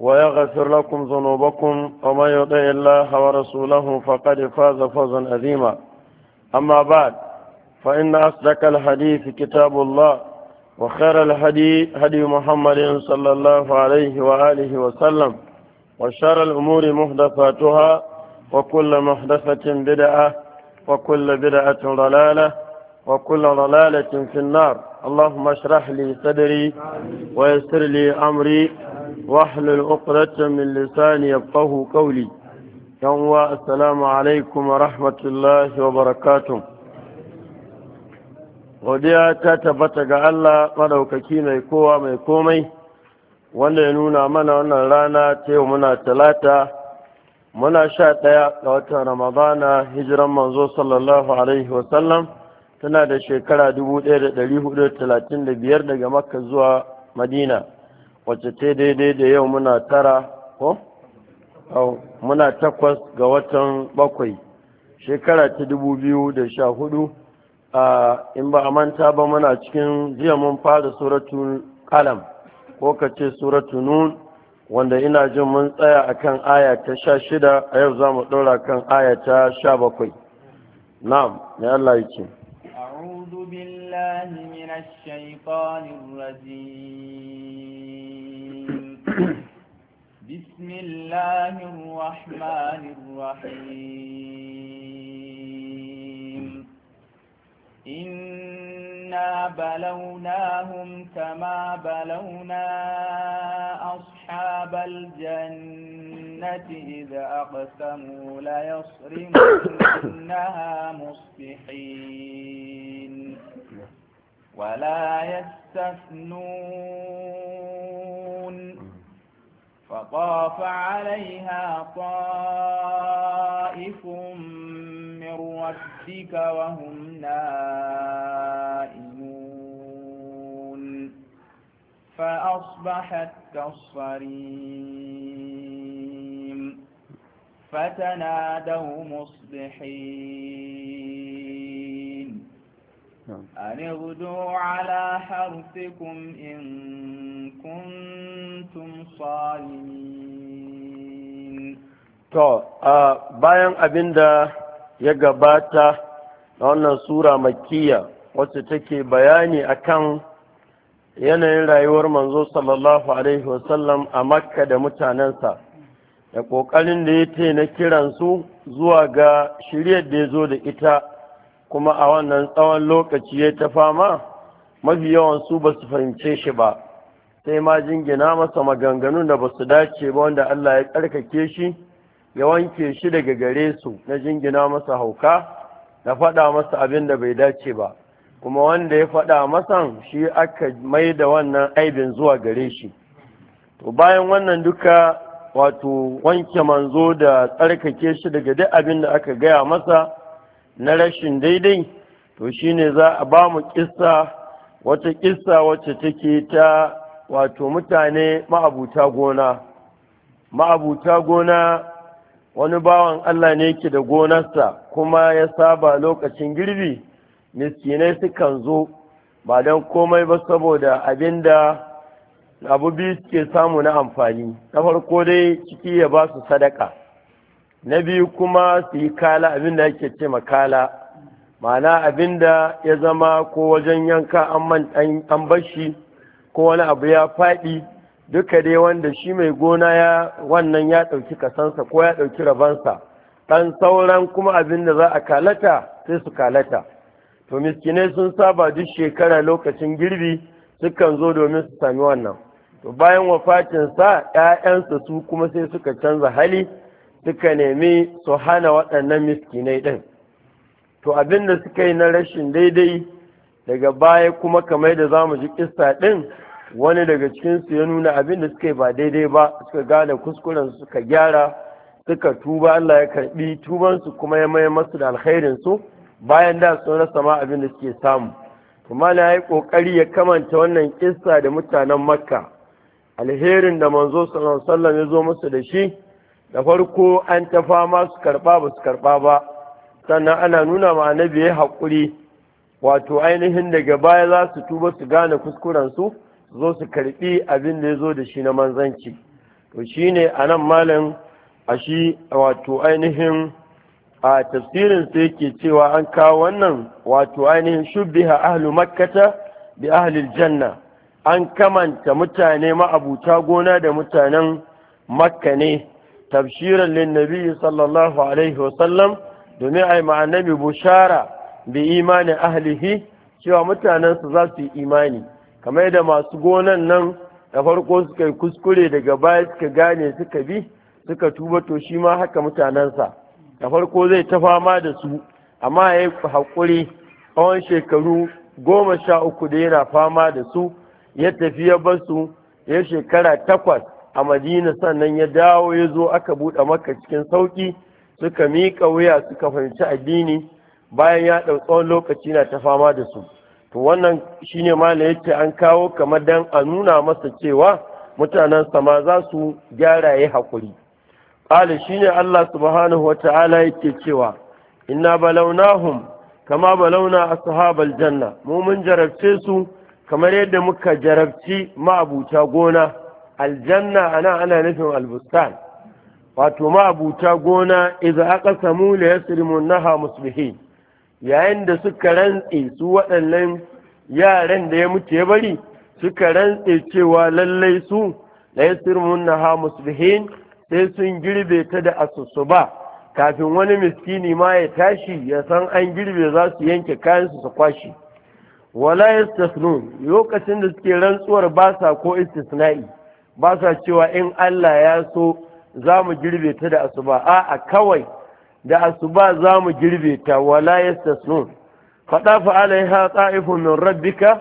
ويغفر لكم ذنوبكم ومن يطع الله ورسوله فقد فاز فوزا عظيما أما بعد فإن أصدق الحديث كتاب الله وخير الهدي هدي محمد صلى الله عليه وآله وسلم وشر الأمور محدثاتها وكل محدثة بدعة وكل بدعة ضلالة وكل ضلالة في النار اللهم اشرح لي صدري ويسر لي أمري واحلل عقدة من لساني يفقه قولي يوم السلام عليكم ورحمة الله وبركاته godiya ta tabbata ga Allah maɗaukaki mai kowa mai komai wanda ya nuna mana wannan rana ta yau muna talata muna sha ɗaya ga watan ramadana hijiran manzo sallallahu alaihi wasallam tana da shekara 1435 daga makka zuwa madina wacce ta daidai da yau muna tara ko? muna takwas ga watan bakwai shekara ta dubu biyu da sha hudu a in ba a manta ba muna cikin jiya mun fara suratun kalam ko ka ce suratun nun wanda ina jin mun tsaya kan aya ta sha shida a yau za mu ɗora kan aya ta sha bakwai na'am mai Allah yake أعوذ بالله من الشيطان الرجيم بسم الله الرحمن الرحيم إنا بلوناهم كما بلونا أصحاب الجنة إذا أقسموا ليصرمنها مصبحين ولا يستثنون فطاف عليها طائف من ربك وهم نائمون فأصبحت كالصريم فتنادوا مصبحين أن اغدوا على حرثكم إن كنتم صالمين to bayan abin da ya gabata na wannan sura makkiya wacce take bayani kan yanayin rayuwar manzo sallallahu alaihi wasallam a makka da mutanensa da ƙoƙarin da ya na kiransu zuwa ga shiryar da ya zo da ita kuma a wannan tsawon lokaci ya ta fama mafi yawan su ba su fahimce shi ba sai ma jingina masa maganganun da ba su dace ba wanda Allah ya tsarkake shi ya wanke shi daga gare su na jingina masa hauka da faɗa masa abin da bai dace ba kuma wanda ya faɗa masa shi aka mai da wannan aibin zuwa gare shi to bayan wannan duka wato wanke manzo da tsarkake shi daga duk abin da aka gaya masa na rashin daidai to shine za a ba mu kissa wata kissa wacce take ta wato mutane ma'abuta gona ma'abuta gona wani bawan Allah ne yake da gonarsa kuma ya saba lokacin girbi miskinai sukan zo ba don komai ba saboda abinda da abu suke samu na amfani na farko dai ciki ya ba su sadaka na biyu kuma su yi kala abinda yake ce makala ma'ana abinda ya zama ko wajen yanka an bashi ko wani abu ya faɗi duka dai wanda shi mai gona ya wannan ya ɗauki kasansa ko ya ɗauki rabansa ɗan sauran kuma abin da za a kalata sai su kalata to miskinai sun saba duk shekara lokacin girbi sukan zo domin su sami wannan to bayan wafatinsa 'ya'yansa su kuma sai suka canza hali suka nemi su hana waɗannan miskinai ɗin to abin da suka yi na rashin daidai daga baya kuma kamar da za mu ji ƙista ɗin wani daga cikinsu ya nuna abin da suka yi ba daidai ba suka gane kuskuren suka gyara suka tuba Allah ya karɓi tubansu kuma ya maye masu da alkhairinsu bayan da su rasa ma abin da suke samu kuma na yi ƙoƙari ya kamanta wannan ƙista da mutanen makka alherin da manzo sallallahu alaihi wasallam ya zo musu da shi da farko an ta fama su karɓa ba su karɓa ba sannan ana nuna ma annabi ya haƙuri wato ainihin daga baya za su tuba su gane kuskurensu su zo su karɓi abin da ya zo da shi na manzanci to shi ne a nan malam a shi wato ainihin a tafsirin sai yake cewa an kawo wannan wato ainihin shubbiha ahlu makkata bi ahlil janna an kamanta mutane abuta gona da mutanen makka ne tabshiran lin nabi sallallahu alaihi wasallam domin ai ma'anabi bushara bi imani ahlihi cewa mutanensu za su yi imani kamar da masu gonan nan da farko suka yi kuskure daga baya suka gane suka bi suka tuba to shi ma haka mutanensa da farko zai ta fama da su amma ya yi haƙuri tsawon shekaru goma sha uku da yana fama da su ya tafi ya basu ya shekara takwas a madina sannan ya dawo ya zo aka buɗe maka cikin sauƙi suka miƙa wuya suka fahimci addini bayan ya ɗau tsawon lokaci na ta fama da su to wannan shine ne yace an kawo kamar dan a nuna masa cewa mutanen sama za su gyara ya haƙuri ƙala shine Allah subhanahu wata'ala yake cewa inna balaunahum, kama balawna ashabal janna mu mun jarabce su kamar yadda muka jarabci ma'abuta gona aljanna ana ana nufin albustan wato ma'abuta gona iza aka samu la yasrimu naha musbihi yayin da suka rantse su waɗannan yaran da ya mutu ya bari suka rantse cewa lallai su la yasrimu naha musbihin sai sun girbe ta da asusuba kafin wani miskini ma ya tashi ya san an girbe za su yanke kayansu su kwashi wala yastasnun lokacin da suke rantsuwar ba sa ko istisna'i ba sa cewa in Allah ya so za mu girbe ta da asuba a'a kawai da asuba za mu girbe ta wala yastasnun Faɗa fa'ala ya haɗa min rabbika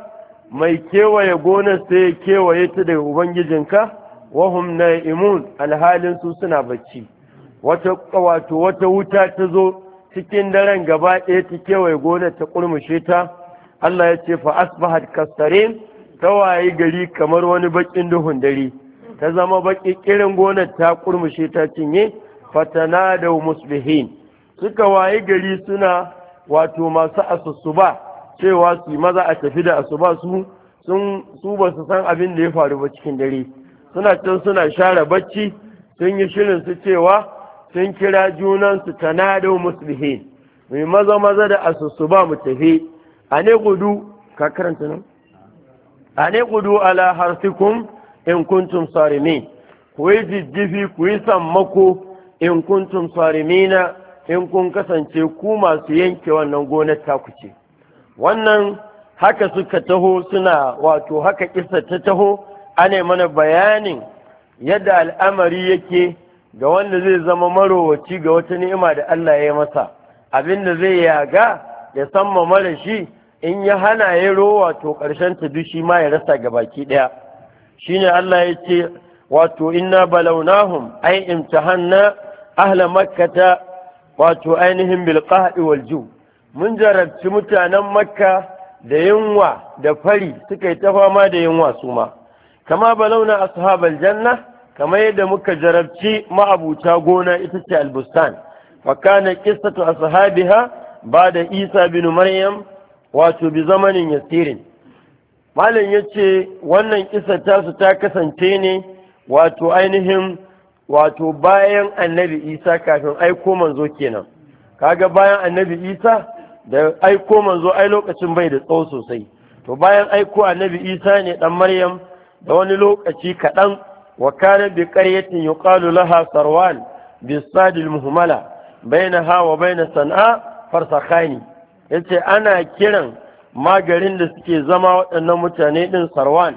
mai kewaye gonar sai kewaye ta daga ubangijinka wahum na'imun alhalin su suna bacci wata wato wata wuta ta zo cikin daren gaba ɗaya ta kewaye gonar ta ƙurmushe ta Allah ya ce fa asbahat ta tawaye gari kamar wani bakin duhun dare ta zama baki kirin gonar ta kurmushe ta cinye fatana da musbihin suka waye gari suna wato masu asusuba cewa su maza a tafi da asuba su sun su ba su san abin da ya faru ba cikin dare suna can suna share bacci sun yi shirin su cewa sun kira junan su tanado musbihin mai maza maza da asusuba mu tafi a ne gudu ka karanta nan a ne gudu ala harsikum in kuntum sarimin ku yi jijjifi ku yi sammako in kuntum sarimina in kun kasance ku masu yanke wannan gonar taku ce wannan haka suka taho suna wato haka kisa ta taho ana mana bayanin yadda al'amari yake ga wanda zai zama marowaci ga wata ni'ima da Allah ya yi masa abin da zai yaga ya samma mara shi in ya hana ya rowa to ƙarshen ta dushi ma ya rasa ga baki ɗaya shine Allah ya ce wato inna balawnahum ai imtahanna ahla makkata wato ainihin bil qahdi wal ju mun jarabci mutanen makka da yunwa da fari suka yi ta fama da yunwa su ma kama balauna ashabal janna kama yadda muka jarabci ma'abuta gona ita ce albustan fakana qissatu ashabiha ba da isa bin maryam wato bi zamanin yasirin malam ya ce wannan kisa tasu ta kasance ne wato ainihin wato bayan annabi isa kafin aiko manzo kenan kaga bayan annabi isa da aiko manzo ai lokacin bai da tsawo sosai to bayan aiko annabi isa ne dan maryam da wani lokaci kaɗan wa kana bi qaryatin yuqalu laha sarwan bi sadil muhmala bainaha wa baina san'a farsakhani yace ana kiran ma da suke zama waɗannan mutane ɗin sarwan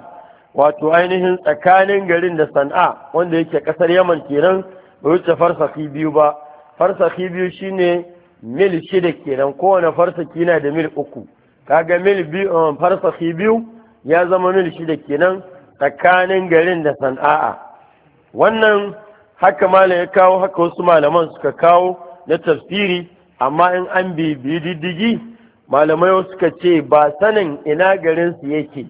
wato ainihin tsakanin garin da san'a wanda yake ƙasar yaman kenan bai wuce farsaki biyu ba farsaki biyu shine mil shida kenan kowane farsaki na da mil uku kaga mil biyu um, farsaki biyu ya zama mil shida kenan tsakanin garin da sana'a wannan haka malam ya kawo haka wasu malaman suka kawo na tafsiri amma in an bibiyi diddigi malamai suka ce ba sanin ina garinsu yake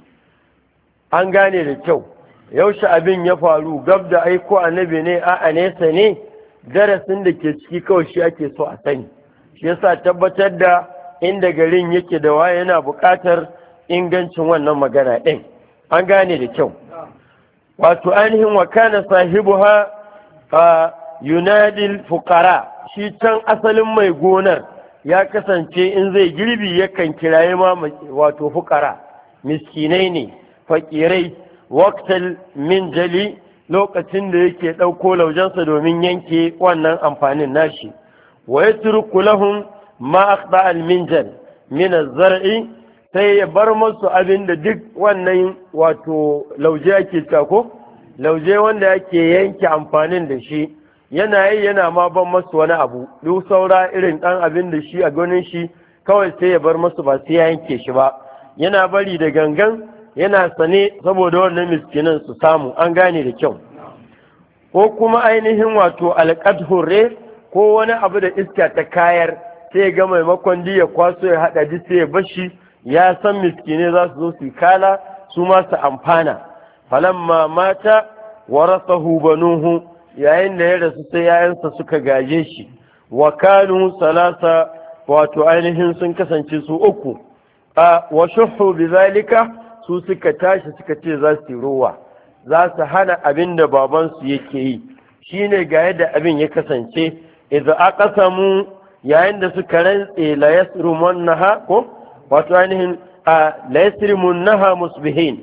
an gane da kyau yaushe abin ya faru gab da aiko annabi ne a a nesa ne darasin da ke ciki kawai shi ake so a sani shi yasa tabbatar da inda garin yake da waye yana buƙatar ingancin wannan magana ɗin an gane da kyau wato ainihin wa kana sahibuha yunadil Fukara? shi can asalin mai gonar ya kasance in zai girbi yakan kiraye ma wato fukara miskinai ne fakirai waktal min jali lokacin da yake ɗauko laujansa domin yanke wannan amfanin nashi wa ya turku lahum ma akhda al minjal min zar'i sai ya bar masu abin da duk wannan wato lauje ake cako lauje wanda yake yanke amfanin da shi yana yi yana ma ban masu wani abu duk saura irin ɗan abin da shi a ganin shi kawai sai ya bar masu ba sai ya yanke shi ba yana bari da gangan yana sane saboda wannan miskinan su samu an gane da kyau ko kuma ainihin wato alƙadhure ko wani abu da iska ta kayar sai ga maimakon ya kwaso ya haɗa ji sai ya bashi ya san miskinai za su zo su kala su ma su amfana falamma mata warasahu banuhu yayin da ya rasu sai yayansa suka gaje shi wa kanu salasa wato ainihin sun kasance su uku a wa shuhu bizalika su suka tashi suka ce za su ruwa. za su hana abin da babansu yake yi shine ga yadda abin ya kasance idza aqsamu yayin da suka rantse la yasrumunha ko wato ainihin a la yasrumunha musbihin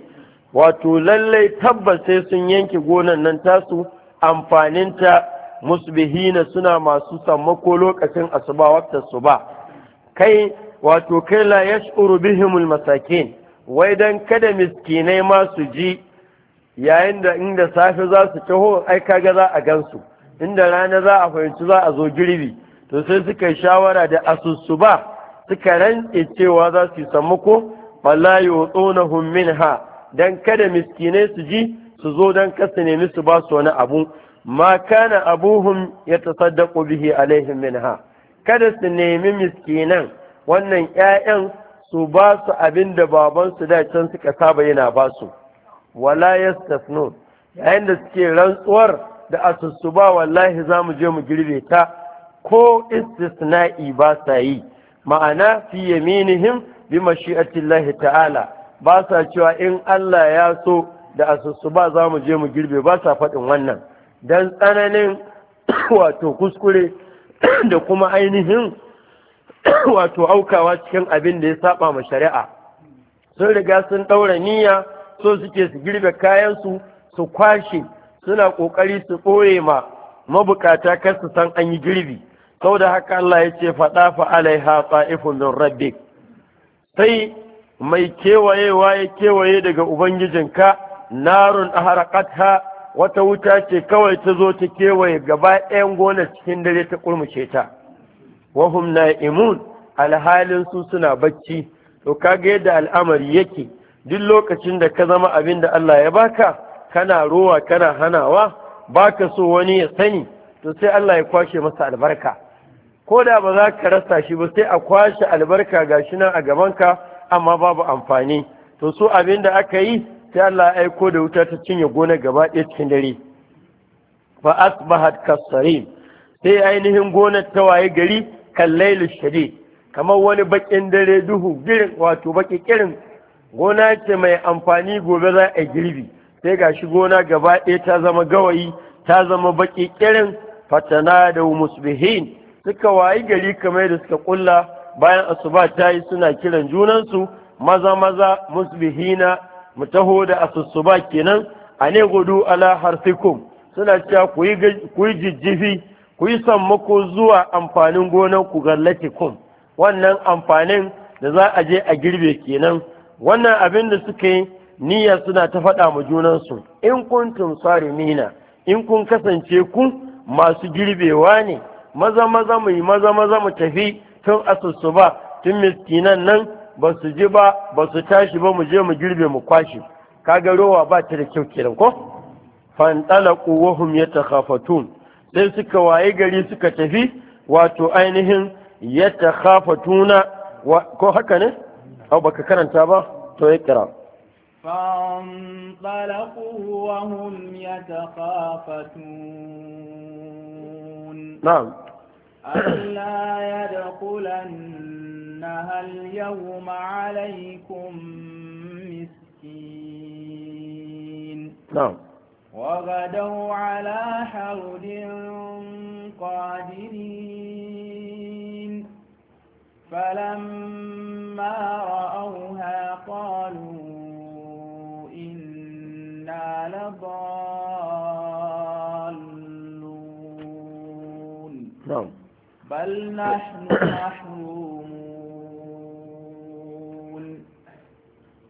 wato lallai tabbas sai sun yanke gonan nan tasu amfaninta musbihina suna masu sammako lokacin asuba wata suba kai wato kai la yash'uru bihimul masakin wai don kada miskinai ma su ji yayin da inda safe za su taho ai kaga za a gansu inda rana za a fahimci za a zo girbi to sai suka yi shawara da ba suka rantse cewa za su yi sammako wallahi yutunahum minha dan kada miskinai su ji su zo don kasa nemi su ba su wani abu ma kana abuhum ya tasaddaqu bihi alaihim minha kada su nemi miskinan wannan 'ya'yan su ba su abin da baban su da can suka saba yana ba su wala yastasnun yayin da suke rantsuwar da asusu ba wallahi za mu je mu girbe ta ko istisna'i ba sa yi ma'ana fi yaminihim bi mashi'atillahi ta'ala ba sa cewa in Allah ya so da asusu ba za mu je mu girbe ba sa faɗin wannan don tsananin wato kuskure da kuma ainihin wato aukawa cikin abin da ya saba ma shari'a sun riga sun ɗaura niyya so suke su girbe kayansu su kwashe suna ƙoƙari su ɓoye ma mabukata kar su san an yi girbi sau da haka Allah ya ce faɗa ha tsa’ifun don rabbi sai mai kewayewa ya kewaye daga ubangijinka narun aharaqatha wata wuta ce kawai ta zo ta kewaye gaba ɗayan gona cikin dare ta kurmushe ta wahum na'imun alhalin su suna bacci to kaga yadda al'amari yake duk lokacin da ka zama abin da Allah ya baka kana rowa kana hanawa baka so wani ya sani to sai Allah ya kwashe masa albarka ko da ba za ka rasa shi ba sai a kwashe albarka gashi nan a ka, amma babu amfani to su abin da aka yi sai Allah ya aiko da wuta ta cinye gona gaba ɗaya cikin dare fa asbahat kasarin sai ainihin gona ta waye gari kallailu shadid kamar wani bakin dare duhu girin wato baki kirin gona ce mai amfani gobe za a girbi sai gashi gona gaba ɗaya ta zama gawayi ta zama baki kirin fatana da musbihin suka wayi gari kamar da suka kulla bayan asuba ta yi suna kiran junansu maza maza musbihina mu taho da asusuba kenan a ne gudu ala harsikum suna cewa ku yi jijjifi ku yi sammako zuwa amfanin gonan ku kun? wannan amfanin da za a je a girbe kenan wannan abin da suka yi niyya suna ta faɗa ma junansu in kun sare nina in kun kasance ku masu girbewa ne maza maza mu maza maza mu tafi tun asusuba tun miskinan nan ba su ji ba ba su tashi ba mu je mu girbe mu kwashe kaga rowa ba ta da kyau kenan ko fantalaqu wa hum yatakhafatun sai suka waye gari suka tafi wato ainihin yatakhafatuna ko haka ne au baka karanta ba to ya kira فانطلقوا وهم يتخافتون نعم ألا يدخلنها اليوم عليكم مسكين نعم وغدوا على حرد قادرين فلما رأوها قالوا بل نحن محرومون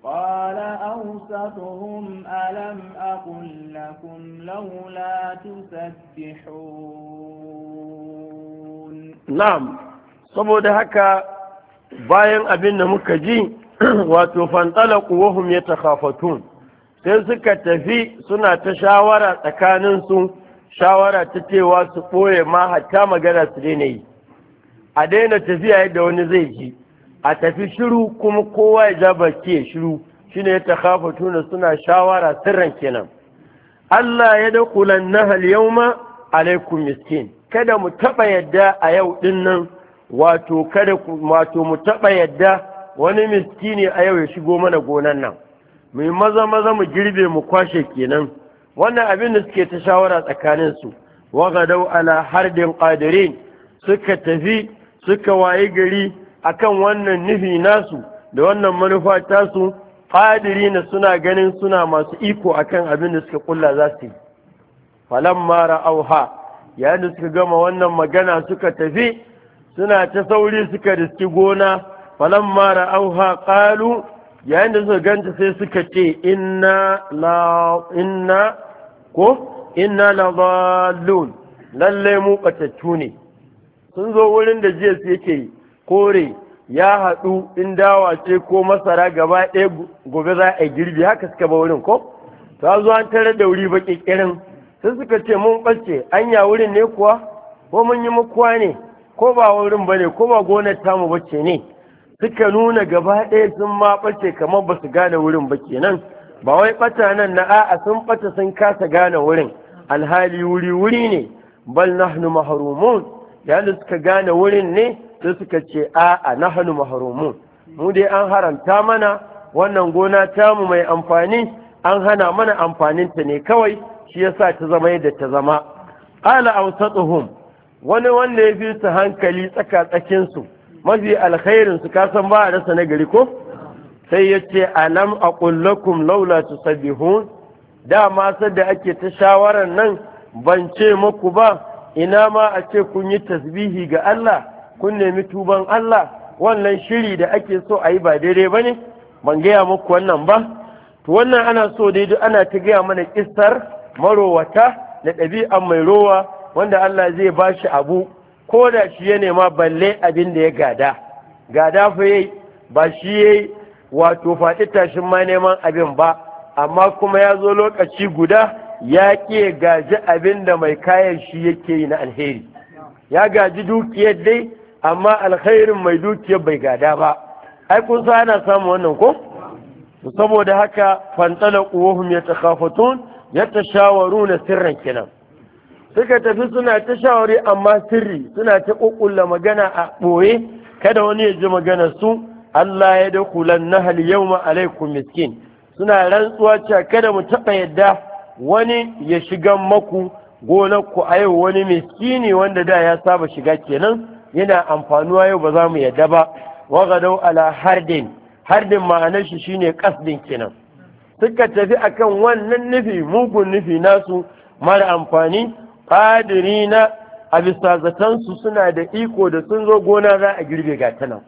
قال أوسطهم ألم أقل لكم لولا تسبحون نعم saboda haka bayan abin da muka ji wato fantalaku wahum ya takhafatun sai suka tafi suna ta shawara tsakaninsu shawara ta cewa su ɓoye ma hatta magana su daina yi a daina tafiya yadda wani zai ji a tafi shiru kuma kowa ya ja baki ya shiru shine ya kafa tuna suna shawara sirran kenan Allah ya da hal nahal ma. alaikum miskin kada mu taba yadda a yau din nan wato kada wato mu taɓa yadda wani miskini a yau ya shigo mana gonan nan mu maza maza mu girbe mu kwashe kenan wannan abin da suke ta shawara tsakaninsu wa gadau ala hardin qadirin suka tafi suka waye gari akan wannan nufi nasu da wannan manufa tasu fadiri na suna ganin suna masu iko akan abin da suka kulla za su yi falamma ra'auha yayin da suka gama wannan magana suka tafi suna ta sauri suka riski gona falamma auha qalu yayin da suka ganta sai suka ce inna la inna ko inna la lallai mu ne sun zo wurin da su yake kore ya haɗu in dawa ce ko masara gaba ɗaya gobe za a girbi haka suka ba wurin ko ta zo an tare da wuri baƙi ƙirin sai suka ce mun ɓace anya wurin ne kuwa ko mun yi makuwa ne ko ba wurin ba ne ko ba gonar tamu ce ne suka nuna gaba ɗaya sun ma ɓace kamar ba su gane wurin ba kenan ba wai ɓata nan na a'a sun ɓata sun kasa gane wurin alhali wuri wuri ne bal nahnu mahrumun yayin da suka gane wurin ne sai suka ce a'a hannu maharomu mu dai an haramta mana wannan gona ta tamu mai amfani an hana mana amfaninta ne kawai shi ya sa ta zama yadda ta zama qala awsatuhum wani wanda ya fi su hankali tsaka tsakinsu mafi alkhairin su kasan ba a rasa na gari ko sai ya ce alam a Laulatu laula sabihun dama sadda ake ta shawarar nan ban ce muku ba ina ma a ce kun yi tasbihi ga Allah kun nemi tuban Allah wannan shiri da ake so a yi ba daidai ba ne ban gaya muku wannan ba to wannan ana so daidai ana ta gaya mana kistar marowata da ɗabi'an mai rowa wanda Allah zai ba shi abu ko da shi ya nema balle abin da ya gada gada fa yayi ba shi yayi wato faɗi tashin ma neman abin ba amma kuma ya zo lokaci guda ya ke gaji abin da mai kayan shi yake yi na alheri ya gaji dukiyar dai amma alkhairin mai dukiyar bai gada ba ai kun sa ana samun wannan ko saboda haka fantala ta shawaru na sirran kenan suka tafi suna ta shawari amma sirri suna ta ƙuƙulla magana a ɓoye kada wani ya ji magana su Allah ya da kulan nahal yau alaikum miskin suna rantsuwa cewa kada mu taɓa yadda wani ya shiga maku gonarku ku a yau wani miskini wanda da ya saba shiga kenan yana amfanuwa yau ba za mu yadda ba wagadau ala hardin hardin ma'anar shi shine kasdin kenan suka tafi akan wannan nufi mugun nufi nasu mara amfani ƙadiri na a bisa zatansu suna da iko da sun zo gona za a girbe gata nan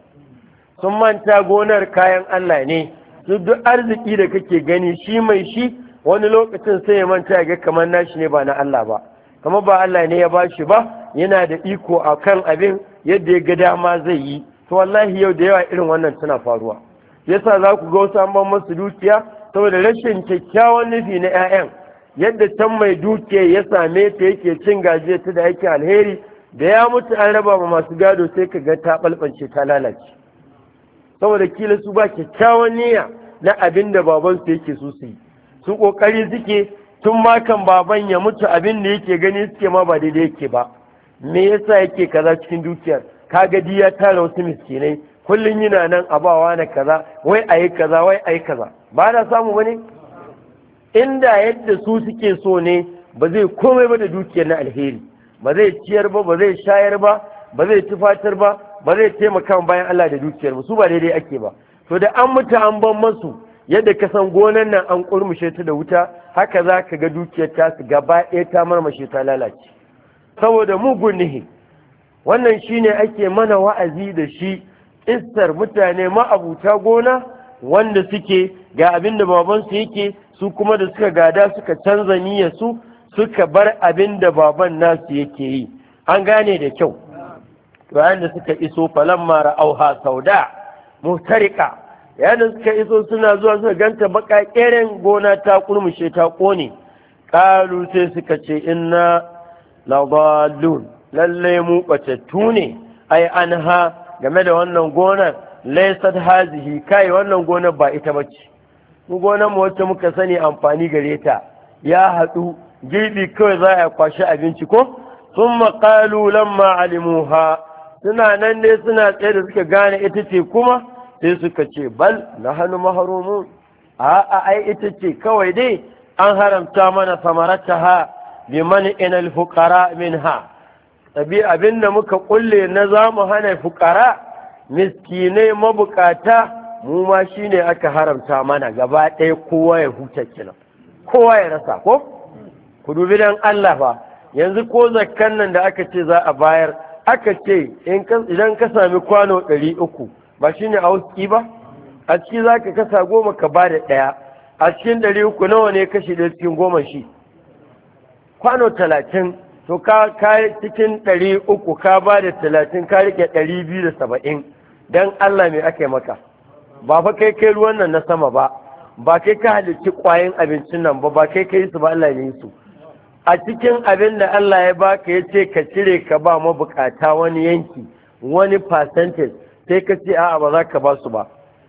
sun manta gonar kayan Allah ne su duk arziki da kake gani shi mai shi wani lokacin sai ya manta ya ga kamar nashi ne ba na Allah ba kamar ba Allah ne ya bashi ba yana da iko a kan abin yadda ya ga dama zai yi to wallahi yau da yawa irin wannan tana faruwa yasa za ku ga wasu an ban masu dukiya saboda rashin kyakkyawan nufi na 'ya'yan yadda can mai dukiya ya same ta yake cin gajiya ta da yake alheri da ya mutu an raba ma masu gado sai ka ga ta balbance ta lalace saboda kila su ba kyakkyawan niyya na abin da babansu yake so su yi su ƙoƙari suke tun kan baban ya mutu abin da yake gani suke ma ba daidai yake ba me yasa yake kaza cikin dukiyar kaga di ya tara wasu miskinai kullum yana nan a abawa na kaza wai a yi kaza wai a yi kaza ba na samu bane inda yadda su suke so ne ba zai komai ba da dukiyar na alheri ba zai ciyar ba ba zai shayar ba ba zai tufatar ba ba zai taimaka bayan Allah da dukiyar ba su ba daidai ake ba to da an mutu an ban masu yadda ka san gonan nan an kurmushe ta da wuta haka za ka ga dukiyar ta gaba ɗaya ta marmashe ta lalace saboda mugun nihi wannan shine ake mana wa'azi da shi istar mutane ma'abuta gona wanda suke ga abin da babansu yake su kuma da suka gada suka canza niyyar su suka bar abin da baban nasu yake yi an gane da kyau Bayan da suka iso falamma ra'auha sauda mutarika Yadda suka iso suna zuwa suka ganta baka ƙeren gona ta kurmushe ta ƙone ƙalu sai suka ce inna ladallun lallai mu ɓatattu ne ai anha game da wannan gonar laisat hazihi kai wannan gonar ba ita ce mu gonar mu wacce muka sani amfani gare ta ya haɗu girbi kawai za a kwashi abinci ko sun maƙalu lamma alimuha suna nan ne suna tsaye da suka gane ita ce kuma sai suka ce bal na hannu maharumun a ai ita ce kawai dai an haramta mana samarata ha bi mani inal fukara min ha tabi abin da muka kulle na za mu hana fukara miskinai mabukata mu ma shi ne aka haramta mana gaba ɗaya kowa ya huta kina kowa ya rasa ko ku dubi dan Allah fa yanzu ko zakkan nan da aka ce za a bayar aka ce idan ka sami kwano ɗari uku ba shi ne a ba a ciki za ka kasa goma ka ba da ɗaya a cikin ɗari uku nawa ne kashi da cikin goma shi kwano talatin to ka cikin ɗari uku ka ba da talatin ka riƙe ɗari biyu da saba'in don allah mai aka yi maka ba fa kai kai ruwan nan na sama ba ba kai ka halicci ƙwayin abincin nan ba ba kai ka yi su ba allah ya yi su a cikin abin da allah ya baka ya ce ka cire ka ba mabukata wani yanki wani percentage sai ka ce a'a ba za ka ba su ba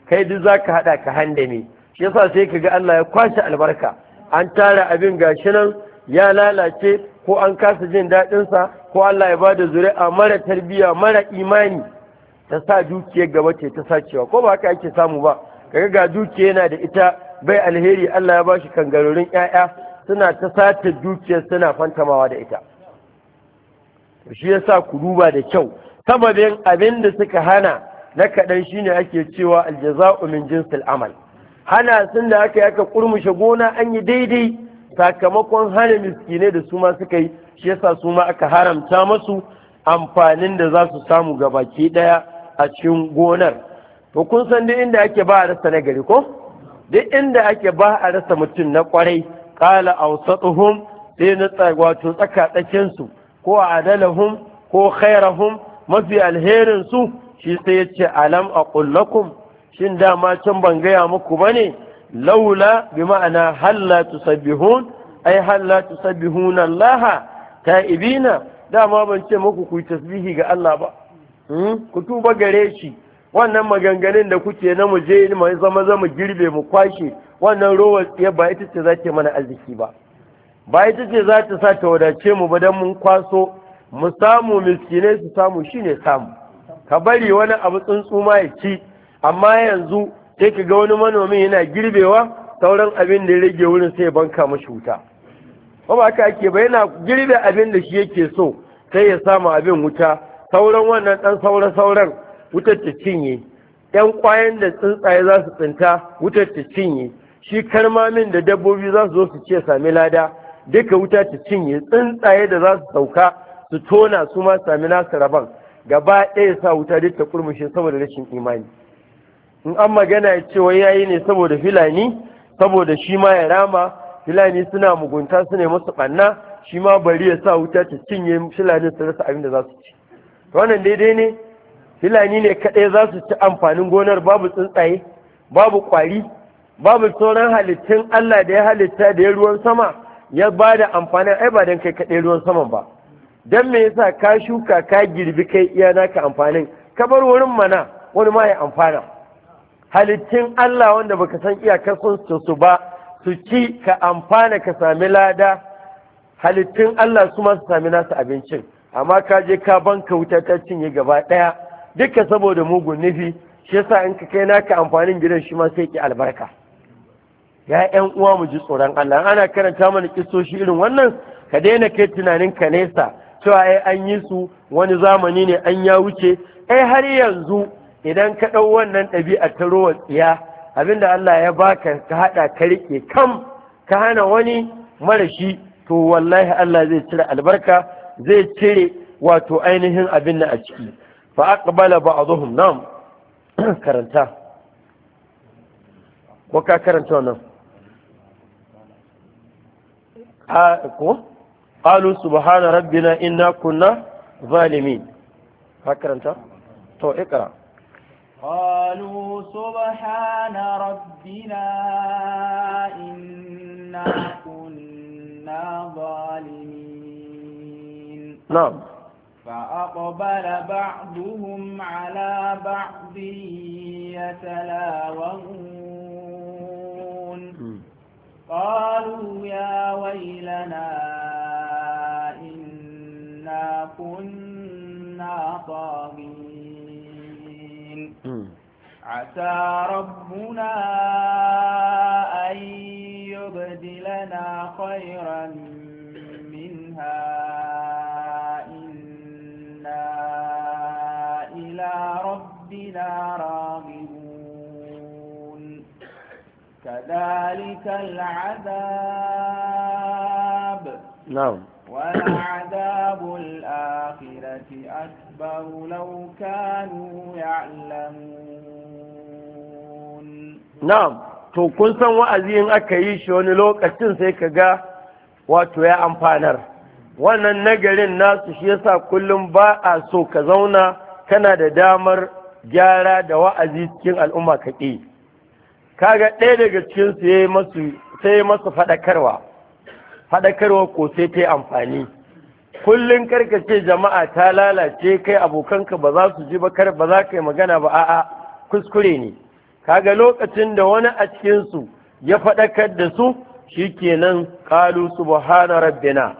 kai duk za ka haɗa ka handame shi yasa sai ka ga Allah ya kwashe albarka an tara abin gashi nan ya lalace ko an kasa jin daɗinsa ko Allah ya ba da zuri'a mara tarbiyya mara imani ta sa dukiyar gaba ce ta sacewa ko ba haka ake samu ba kaga ga dukiya yana da ita bai alheri Allah ya bashi kangarorin 'ya'ya suna ta sata dukiyar suna fantamawa da ita shi yasa ku duba da kyau sababin abin da suka hana na kaɗan shine ake cewa aljaza'u min jinsil amal hana sun da aka aka kurmushe gona an yi daidai sakamakon hana miskinai da su ma suka yi shi yasa su ma aka haramta masu amfanin da za su samu ga baki ɗaya a cikin gonar to kun san duk inda ake ba a rasa na gari ko duk inda ake ba a rasa mutum na kwarai qala awsatuhum sai na wato tsaka tsakin su ko adalahum ko khairahum mafi alherin su shi sai ya ce alam a kullakum shin dama can ban gaya muku ba ne laula bi ma'ana halla tusabbihun ai halla laha, Allah ibina. dama ban ce muku ku tasbihi ga Allah ba hmm? ku tuba gare shi wannan maganganun da kuke na mu je mu zama zama girbe mu kwashe wannan rowa tsiya ba ita ce za ta mana arziki ba ba ita ce za ta sa ta wadace mu ba dan mun kwaso mu samu miskinai su samu shine samu ka bari wani abu tsuntsu ma ya ci amma yanzu sai ka ga wani manomin yana girbewa sauran abin da ya rage wurin sai banka mashi wuta ba ba ka ake ba yana girbe abin da shi yake so sai ya samu abin wuta sauran wannan dan sauran sauran wutar ta cinye yan kwayan da tsuntsaye za su tsinta wutar ta cinye shi karmamin da dabbobi za su zo su ce sami lada duka wuta ta cinye tsuntsaye da za su sauka su tona su ma sami nasu rabon gaba ɗaya sa wuta duk ta kurmushe saboda rashin imani in an magana ya ce wai yayi ne saboda filani saboda shi ma ya rama filani suna mugunta su ne masu ɓanna shi ma bari ya sa wuta ta cinye filani su rasa abin da za su ci wannan daidai ne filani ne kaɗai za su ci amfanin gonar babu tsuntsaye babu ƙwari babu sauran halittun Allah da ya halitta da ya ruwan sama ya ba da amfanin ai ba don kai kaɗai ruwan sama ba Don me yasa ka shuka ka girbi kai iya naka amfanin ka bar wurin mana wani ma ya amfana halittun Allah wanda baka san iyakar su ba su ci ka amfana ka sami lada halittun Allah su ma su sami nasu abincin amma ka je ka banka wuta ta cinye gaba ɗaya duka saboda mugun nufi shi yasa in ka kai naka amfanin gidan shi ma sai ki albarka ya 'yan uwa mu ji tsoron Allah ana karanta mana kisoshi irin wannan ka daina kai tunanin ka nesa cewa ai an yi su wani zamani ne an ya wuce ai har yanzu idan ka ɗau wannan ɗabi'a ta ruwa tsiya abinda Allah ya baka ka haɗa ka riƙe kam ka hana wani marashi to wallahi Allah zai cire albarka zai cire wato ainihin abin a ciki fa aqbala ba'dhum nam karanta ko ka karanta wannan a ko قالوا سبحان ربنا إنا كنا ظالمين فكر أنت تو اقرأ قالوا سبحان ربنا إنا كنا ظالمين نعم فأقبل بعضهم على بعض يتلاوهون قالوا يا ويلنا إنا كنا طاغين عسى ربنا أن يبدلنا خيرا منها إنا إلى ربنا راغبون كذلك العذاب نعم no. والعذاب الآخرة أكبر لو كانوا يعلمون نعم to kun san wa'azi in aka yi shi wani lokacin sai ka ga wato ya amfanar wannan nagarin nasu shi yasa kullum ba a so ka zauna kana da damar gyara da wa'azi cikin al'umma ka ƙi kaga ɗaya daga cikin su ya masu sai masu faɗakarwa haɗakarwa ko sai ta yi amfani kullum karka ce jama'a ta lalace kai abokanka ba za su ji ba kar ba za ka yi magana ba a'a kuskure ne kaga lokacin da wani a cikinsu ya faɗakar da su shi shikenan Kalu, subhana rabbina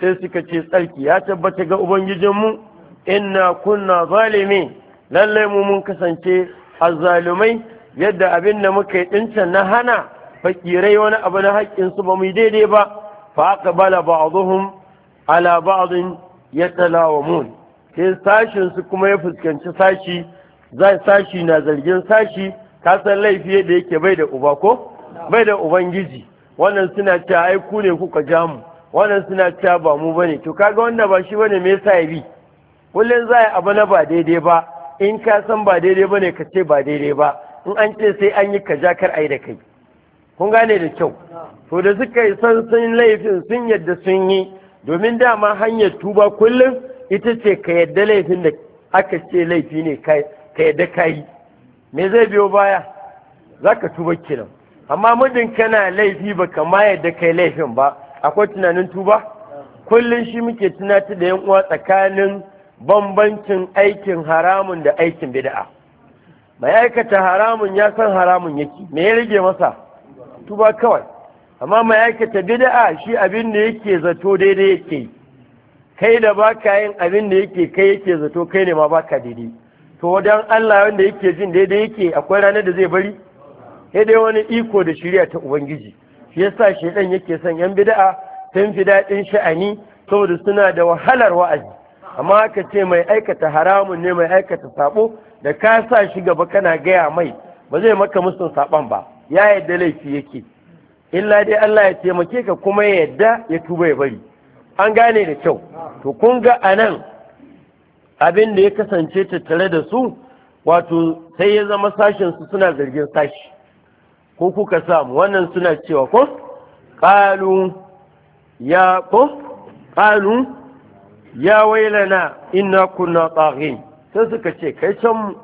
sai suka ce tsarki ya tabbata ga ubangijinmu inna kunna zalimi lallai mu mun kasance azzalumai yadda abin da muka yi na hana fakirai wani abu na haƙƙinsu ba mu daidai ba فأقبل بعضهم على بعض يتلاومون sai sashin su kuma ya fuskanci sashi zai sashi na zargin sashi ka san laifi da yake bai da uba ko bai da ubangiji wannan suna cewa ai ku ne kuka ja mu wannan suna cewa ba mu bane to kaga wanda ba shi bane me yasa ya bi kullun zai abu na ba daidai ba in ka san ba daidai bane ka ce ba daidai ba in an ce sai an yi kaja kar ai da kai kun gane da kyau to da suka yi san sun laifin sun yadda sun yi domin dama hanyar tuba kullum ita ce ka yadda laifin da aka ce laifi ne ka yadda ka yi me zai biyo baya za ka tuba kiran amma muddin kana laifi ba ka kama yadda kai laifin ba akwai tunanin tuba kullum shi muke tunatu da yan uwa tsakanin bambancin aikin haramun da aikin bida'a mai aikata haramun ya san haramun yake me ya rage masa tuba kawai amma mai aikata bid'a shi abin da yake zato daidai yake kai da baka yin abin da yake kai yake zato kai ne ma baka daidai to wajen Allah wanda yake jin daidai yake akwai ranar da zai bari sai dai wani iko da shiriya ta ubangiji shi yasa shedan yake son yan bid'a sun fi daɗin sha'ani saboda suna da wahalar wa'azi amma aka ce mai aikata haramun ne mai aikata sabo da ka sa shi gaba kana gaya mai ba zai maka musun saban ba ya yadda laifi yake illa dai Allah ya taimake ka kuma ya yadda ya tuba ya bari an gane da kyau to kun ga anan abin da ya kasance tattare da su wato sai ya zama sashen su suna zargin sashi ko kuka samu wannan suna cewa ko qalu ya ko qalu ya wailana inna kunna taghin sai suka ce kai can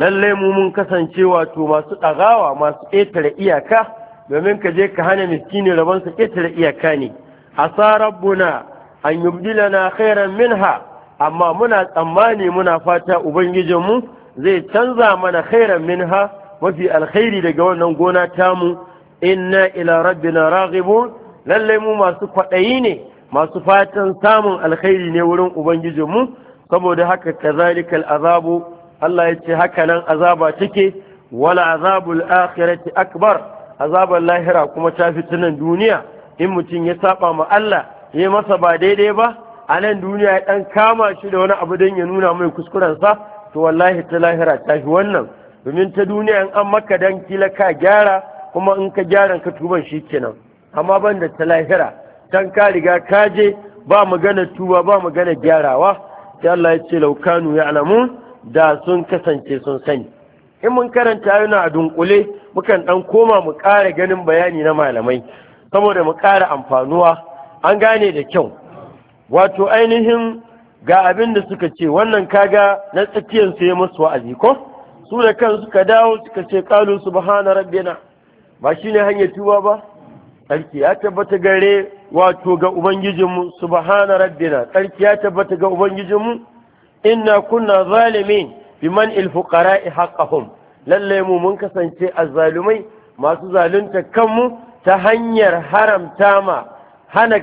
Lallai mu mun kasance wato masu ɗagawa masu ƙetare iyaka domin ka je ka hana miskini rabon su ƙetare iyaka ne asa rabbuna an yubdilana khairan minha amma muna tsammani muna fata ubangijin mu zai canza mana khairan minha mafi alkhairi daga wannan gona mu inna ila rabbina raghibun lallai mu masu kwaɗayi ne masu fatan samun alkhairi ne wurin ubangijin mu saboda haka kazalikal azabu Allah ya ce haka nan azaba take wala azabul akhirati akbar azabar lahira kuma ta fitinan duniya in mutum ya saba ma Allah ya masa ba daidai ba a nan duniya ya dan kama shi da wani abu don ya nuna mai sa to wallahi ta lahira ta fi wannan domin ta duniya in an maka dan kila ka gyara kuma in ka gyara ka tuban shi kenan amma ban da ta lahira tan ka riga ka je ba magana tuba ba magana gyarawa sai Allah ya ce laukanu ya alamun da sun kasance sun sani in mun karanta yana a dunkule mukan ɗan koma mu ƙara ganin bayani na malamai saboda mu ƙara amfanuwa an gane da kyau wato ainihin ga abin da suka ce wannan kaga na tsakiyar su ya musu wa'azi ko su da kan suka dawo suka ce qalu subhana rabbina ba shine hanyar tuwa ba tsarki ya tabbata gare wato ga ubangijinmu subhana rabbina tsarki ya tabbata ga ubangijinmu inna kunna zalimin biman ilfuqara'i haqqahum lalle mu mun kasance azzalumai masu zalunta kanmu ta hanyar haramta ma hana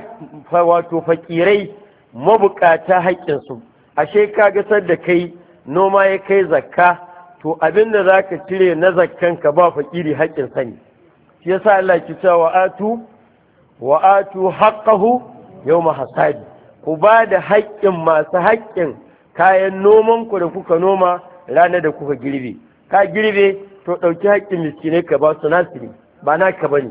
wato fakirai mabukata haƙƙinsu ashe ka gasar da kai noma ya kai zakka to abin da za ka cire na zakkan ka ba fakiri haƙƙin sani shi yasa Allah ki cewa wa'atu wa'atu haqqahu yawma hasadi ku ba da haƙƙin masu haƙƙin kayan noman ku da kuka noma ranar da kuka girbe ka girbe to ɗauki haƙƙin miskinai ka ba su nasiri ba naka ba ne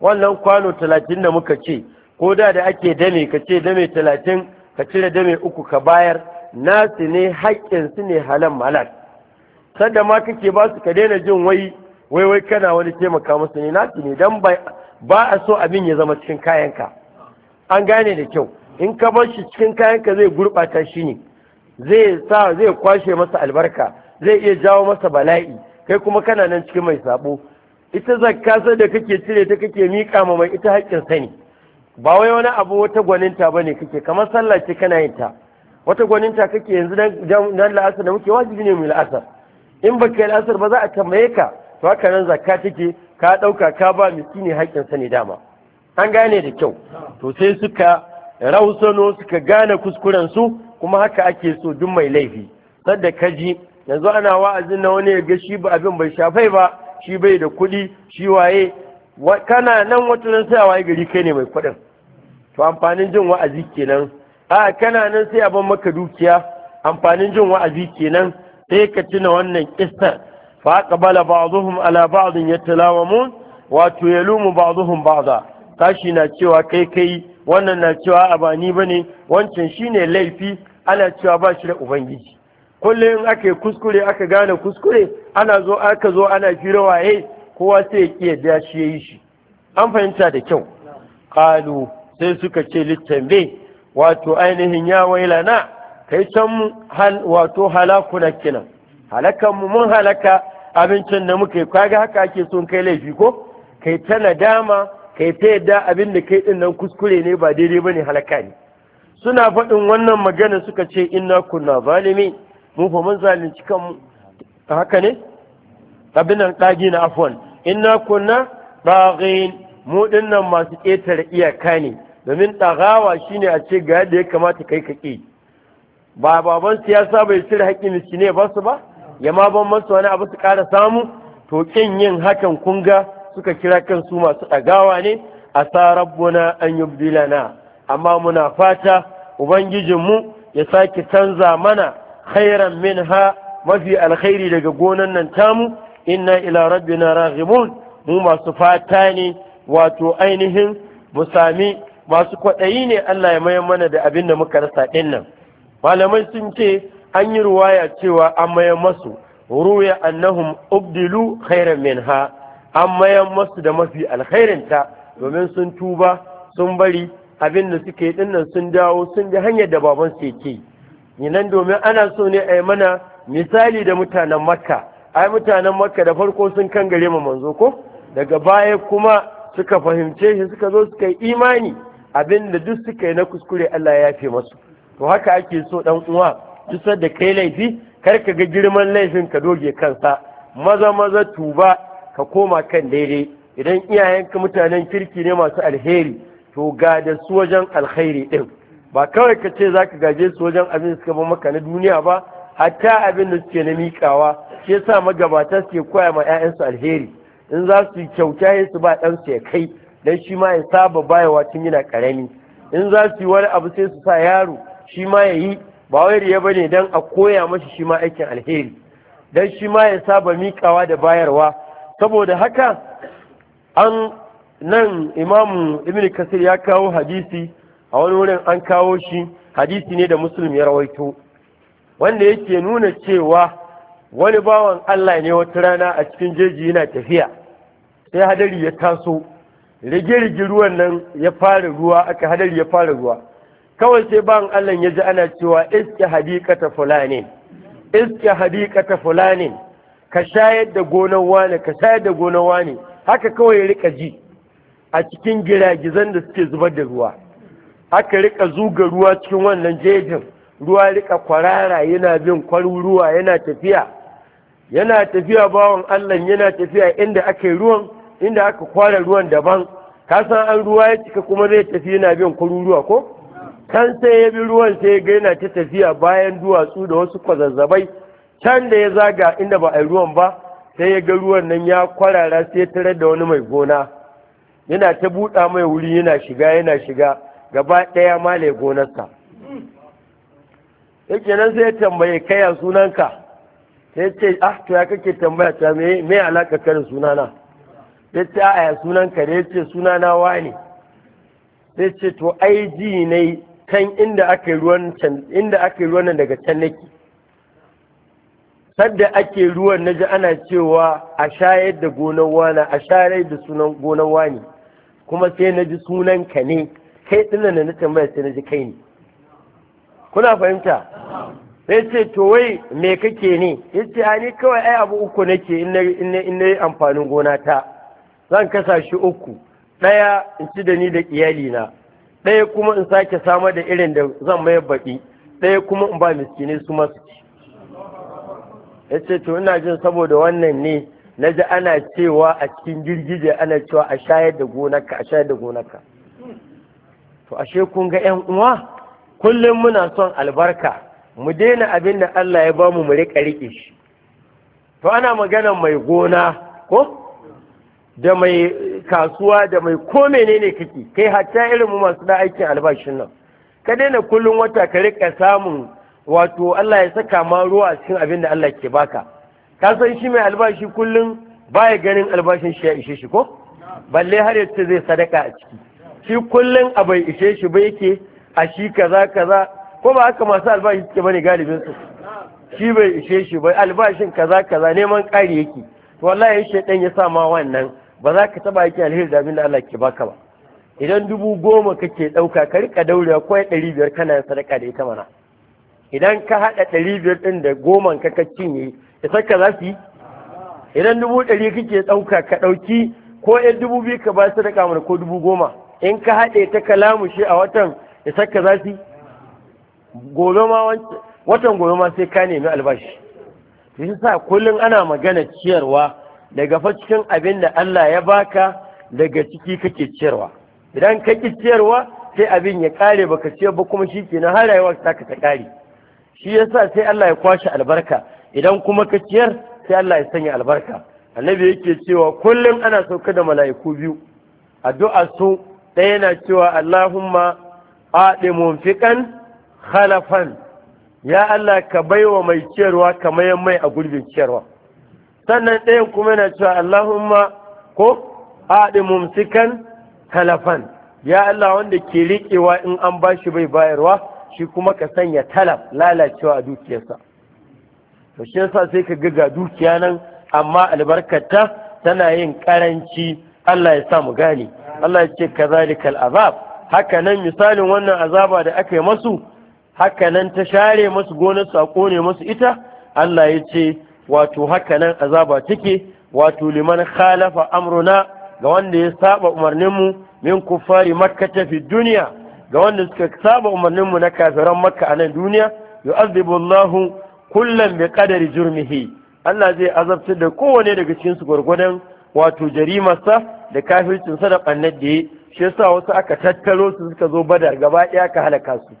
wannan kwano talatin da muka ce ko da da ake dame ka ce dame talatin ka cire dame uku ka bayar nasi ne haƙƙinsu ne halan malak sadda ma kake ba su ka daina jin wai wai wai kana wani taimaka musu ne nasi ne dan ba a so abin ya zama cikin kayanka an gane da kyau in ka bar shi cikin kayanka zai gurɓata shi ne zai zai kwashe masa albarka zai iya jawo masa bala'i kai kuma kana nan cikin mai sabo ita zakka sai da kake cire ta kake miƙa ma mai ita haƙƙin sani ba wai wani abu wata gwaninta bane kake kamar sallah ce kana yin ta wata gwaninta kake yanzu nan la'asar da muke wajibi ne mu la'asar in ba yi la'asar ba za a tambaye ka to haka nan zakka take ka ɗauka ka ba miskini haƙƙin sani dama an gane da kyau to sai suka rausano suka gane kuskurensu kuma haka ake so duk mai laifi sadda kaji yanzu ana wa'azin na wani ga shi ba abin bai shafai ba shi bai da kuɗi shi waye kana nan wata nan sai waye gari kai ne mai kuɗin to amfanin jin wa'azi kenan a kana nan sai a maka dukiya amfanin jin wa'azi kenan sai ka tuna wannan kissa fa aqbala ba'dhum ala ba'd yatalawamun wato yalumu ba'dhum baza. Sashi na cewa kai kai wannan na cewa a ba ni bane wancan ne laifi ana cewa ba shi da ubangiji kullum in aka yi kuskure aka gane kuskure ana zo aka zo ana fira waye kowa sai ya kiya da shi yayi shi an fahimta da kyau qalu sai suka ce littambe wato ainihin ya wailana kai can hal wato halakuna kinan halakan mu mun halaka abincin da muka yi kaga haka ake son kai laifi ko kai ta nadama kai ta yadda abin da kai ɗin nan kuskure ne ba daidai ba ne halaka ne suna faɗin wannan magana suka ce inna kunna zalimi mu fa mun zalunci kanmu haka ne abin nan ɗagi na afwan inna kunna ɗagin mu ɗin masu ƙetare iyaka ne domin ɗagawa shine a ce ga yadda ya kamata kai ka ƙi ba baban siyasa bai cire haƙƙin miskine ba su ba ya ma ban masu wani abu su ƙara samu to ƙin yin hakan kun ga suka kira kansu masu ɗagawa ne a sa rabbuna an yubdilana amma muna fata ubangijinmu ya sake canza mana khairan minha mafi alkhairi daga gonan nan tamu inna ila rabbina raghibun mu masu fata ne wato ainihin mu sami masu kwaɗayi ne Allah ya mayan mana da abin da muka rasa ɗin nan malamai sun ce an yi ruwaya cewa an mayan masu ruya annahum ubdilu khairan minha an mayan masu da mafi alkhairinta domin sun tuba sun bari abin da suke dinnan sun dawo sun ji hanyar da baban su yake nan domin ana so ne a yi mana misali da mutanen makka ai mutanen makka da farko sun kan gare mu manzo ko daga baya kuma suka fahimce shi suka zo suka yi imani abin da duk suka yi na kuskure Allah ya yafe masu to haka ake so dan uwa duk da kai laifi kar ka ga girman laifin ka doge kansa maza maza tuba ka koma kan daidai idan iyayenka mutanen kirki ne masu alheri to ga da su wajen alkhairi ɗin. ba kawai ka ce za ka gaje su wajen abin da suka ba maka na duniya ba hatta abin da suke na miƙawa shi yasa magabata suke koya ma 'ya'yansu alheri in za su kyauta ya su ba ɗansu ya kai dan shi ma ya saba bayawa tun yana ƙarami in za su yi wani abu sai su sa yaro shi ma ya yi ba wai riya bane dan a koya mashi shi ma aikin alheri dan shi ma ya saba miƙawa da bayarwa saboda haka an nan imamu ibn kasir ya kawo hadisi a wani wurin an kawo shi hadisi ne da musulmi, ya rawaito wanda yake nuna cewa wani bawan Allah ne wata rana a cikin jeji yana tafiya sai hadari ya taso rige-rige ruwan nan ya fara ruwa aka hadari ya fara ruwa kawai sai bawan Allah ya ji ana cewa iske hadikata fulanin iske hadikata fulanin ka shayar da gonar wane ka shayar da gonar wane haka kawai rika ji a cikin giragizan da suke zubar da ruwa Haka rika zuga ruwa cikin wannan jejin ruwa rika kwarara yana bin kwaruruwa yana tafiya yana tafiya bawan Allah yana tafiya inda aka ruwan inda aka kwara ruwan daban ka san an ruwa ya cika kuma zai tafi yana bin kwaruruwa ko kan sai ya bi ruwan sai ya ga yana ta tafiya bayan duwatsu da wasu kwazazzabai can da ya zaga inda ba a yi ruwan ba sai ya ga ruwan nan ya kwarara sai ya tarar da wani mai gona yana ta buɗa mai wuri yana shiga yana shiga gaba ɗaya male gonarsa yake nan sai ya tambaye kaya sunanka sai ce ah to ya kake tambaya ta me alaka kan sunana sai ce a ya sunanka da ya ce sunana ne, sai ce to ai ji ne kan inda aka yi ruwan inda daga can nake sadda ake ruwan na ji ana cewa a shayar da gonar wani a shayar da sunan gonar wani kuma sai na ji sunan ka ne kai dinnan da na tambaya sai na ji kai ne kuna fahimta sai ce to wai me kake ne yace a ni kawai ai abu uku nake in na yi amfanin gona ta zan kasa shi uku ɗaya in ci da ni da iyali na. ɗaya kuma in sake samar da irin da zan mayar baƙi ɗaya kuma in ba miskine su masu ci ya ce to ina jin saboda wannan ne na ji ana cewa a cikin girgije ana cewa a shayar da gonaka. a shayar da gonaka to ashe kun ga yan uwa kullum muna son albarka mu daina abin da Allah ya bamu mu rika rike shi to ana magana mai gona ko da mai kasuwa da mai ko menene kake kai hatta irin mu masu da aikin albashin nan ka daina kullum wata ka rika samun wato Allah ya saka ma ruwa a cikin abin da Allah ke baka ka san shi mai albashi kullum baya ganin albashin shi ya ishe shi ko balle har yace zai sadaka a ciki shi kullum a bai ishe shi ba yake a shi kaza kaza ko ba haka masu albashi suke bane galibin su shi bai ishe shi ba albashin kaza kaza neman ƙari yake to wallahi shedan ya sa ma wannan ba za ka taba yake alheri da abin da Allah ke baka ba idan dubu goma kake ɗauka ka rika daurewa ko ɗari biyar kana sadaka da ita mana idan ka haɗa ɗari biyar ɗin da goman ka cinye ya saka za su yi idan dubu ɗari kake ɗauka ka ɗauki ko yan dubu biyu ka ba su da kamar ko dubu goma in ka haɗe ta kalamu shi a watan ya saka za su yi gobe ma watan gobe ma sai ka nemi albashi shi sa kullum ana magana ciyarwa daga fa cikin abin da Allah ya baka daga ciki kake ciyarwa idan ka ciyarwa sai abin ya kare baka ciyar ba kuma shi kenan har rayuwar ta ka ta kare shi yasa sai Allah ya kwashe albarka idan kuma ka ciyar sai Allah ya sanya albarka annabi yake cewa kullum ana sauka da mala'iku biyu addu'a su ɗaya yana cewa Allahumma aɗi munfiqan khalafan ya Allah ka baiwa mai ciyarwa kamar mai a gurbin ciyarwa sannan ɗayan kuma yana cewa Allahumma ko aɗi mumsikan khalafan ya Allah wanda ke riƙewa in an bashi bai bayarwa shi kuma ka sanya talab lalacewa a dukiyarsa to shi yasa sai ka ga dukiya nan amma albarkata tana yin karanci Allah ya sa mu gane Allah ya ce kazalikal azab haka nan misalin wannan azaba da aka yi masu haka nan ta share masu gonar su a kone masu ita Allah ya ce wato haka nan azaba take wato liman khalafa amruna ga wanda ya saba umarnin mu, min kuffari makka ta fi duniya ga wanda suka saba umarnin mu na kafiran makka a nan duniya yu'adhibu Allahu kullum bi qadari jurmihi Allah zai azabtar da kowane daga cikin su gwargwadon wato jarimarsa da kafircin sa da bannar da shi yasa wasu aka tattaro su suka zo bada, gaba ɗaya ka halaka su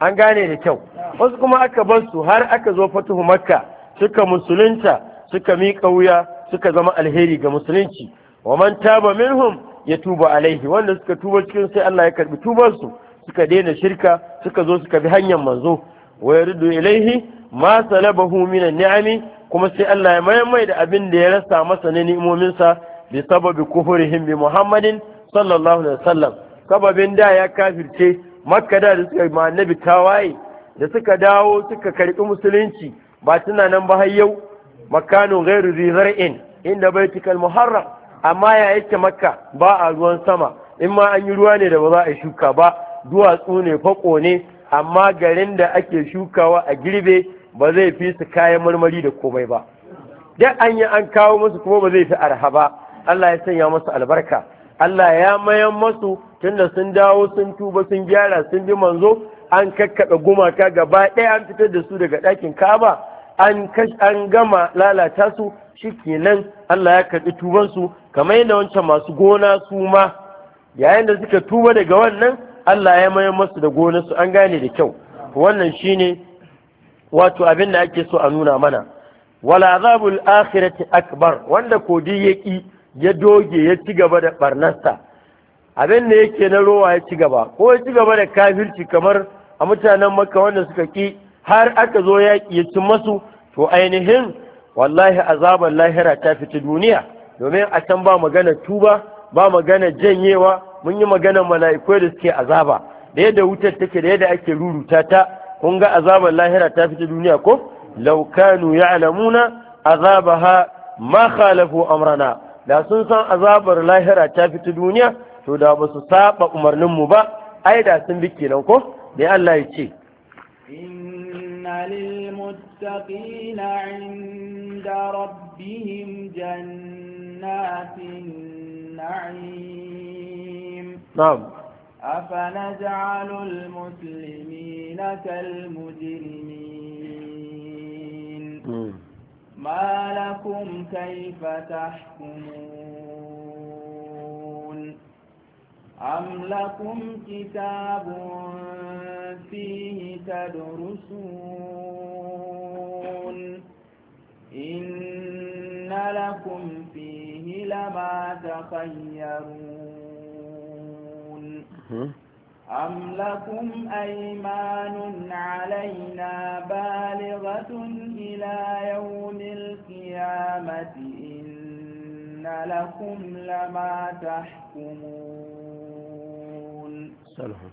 an gane da kyau wasu kuma aka bar su har aka zo fatuhu makka suka musulunta suka miƙa wuya suka zama alheri ga musulunci wa man taba minhum ya tuba alaihi wanda suka tuba cikin sai Allah ya karbi tubarsu suka daina shirka suka zo suka bi hanyar manzo wa laifi ilaihi ma salabahu min ni'ami kuma sai Allah ya mayar mai da abin da ya rasa masa ne ni'imomin sa bi sababi kufurihim bi Muhammadin sallallahu alaihi wasallam sababin da ya kafirce makka da suka ma annabi tawaye da suka dawo suka karbi musulunci ba nan ba har yau makanu ghairu zar'in inda baitikal muharram amma ya yake makka ba a ruwan sama in ma an yi ruwa ne da ba za a shuka ba duwatsu ne fako ne amma garin da ake shukawa a girbe ba zai fi su kayan marmari da komai ba duk an yi an kawo musu kuma ba zai fi arha ba Allah ya sanya musu albarka Allah ya mayan masu tunda sun dawo sun tuba sun gyara sun bi manzo an kakkaɓe gumaka gaba ɗaya an fitar da su daga ɗakin kaba an gama lalata su shikenan Allah ya karɓi tubansu kamar yadda wancan masu gona su ma yayin da suka tuba daga wannan Allah ya mayar masu da gonarsu an gane da kyau wannan shine wato abin da ake so a nuna mana wala azabul akhirati akbar wanda kodi ya ki ya doge ya ci gaba da barnasta. abin da yake na rowa ya ci gaba ko ya ci gaba da kafirci kamar a mutanen makka wanda suka ki har aka zo yaƙi ya ci masu to ainihin wallahi azabar lahira ta fiti duniya domin a can ba magana tuba ba magana janyewa mun yi magana mala'iku da suke azaba da yadda wutar take da yadda ake ruruta ta kun ga azabar lahira ta fiti duniya ko law kanu ya'lamuna azabaha ma khalafu amrana da sun san azabar lahira ta fita duniya to da ba su saba umarnin mu ba ai da sun bi kenan ko dai Allah ya ce المتقين عند ربهم جنات النعيم نعم أفنجعل المسلمين كالمجرمين ما لكم كيف تحكمون أم لكم كتاب فيه تدرسون إن لكم فيه لما تخيرون أم لكم أيمان علينا بالغة إلى يوم القيامة إن لكم لما تحكمون سلهم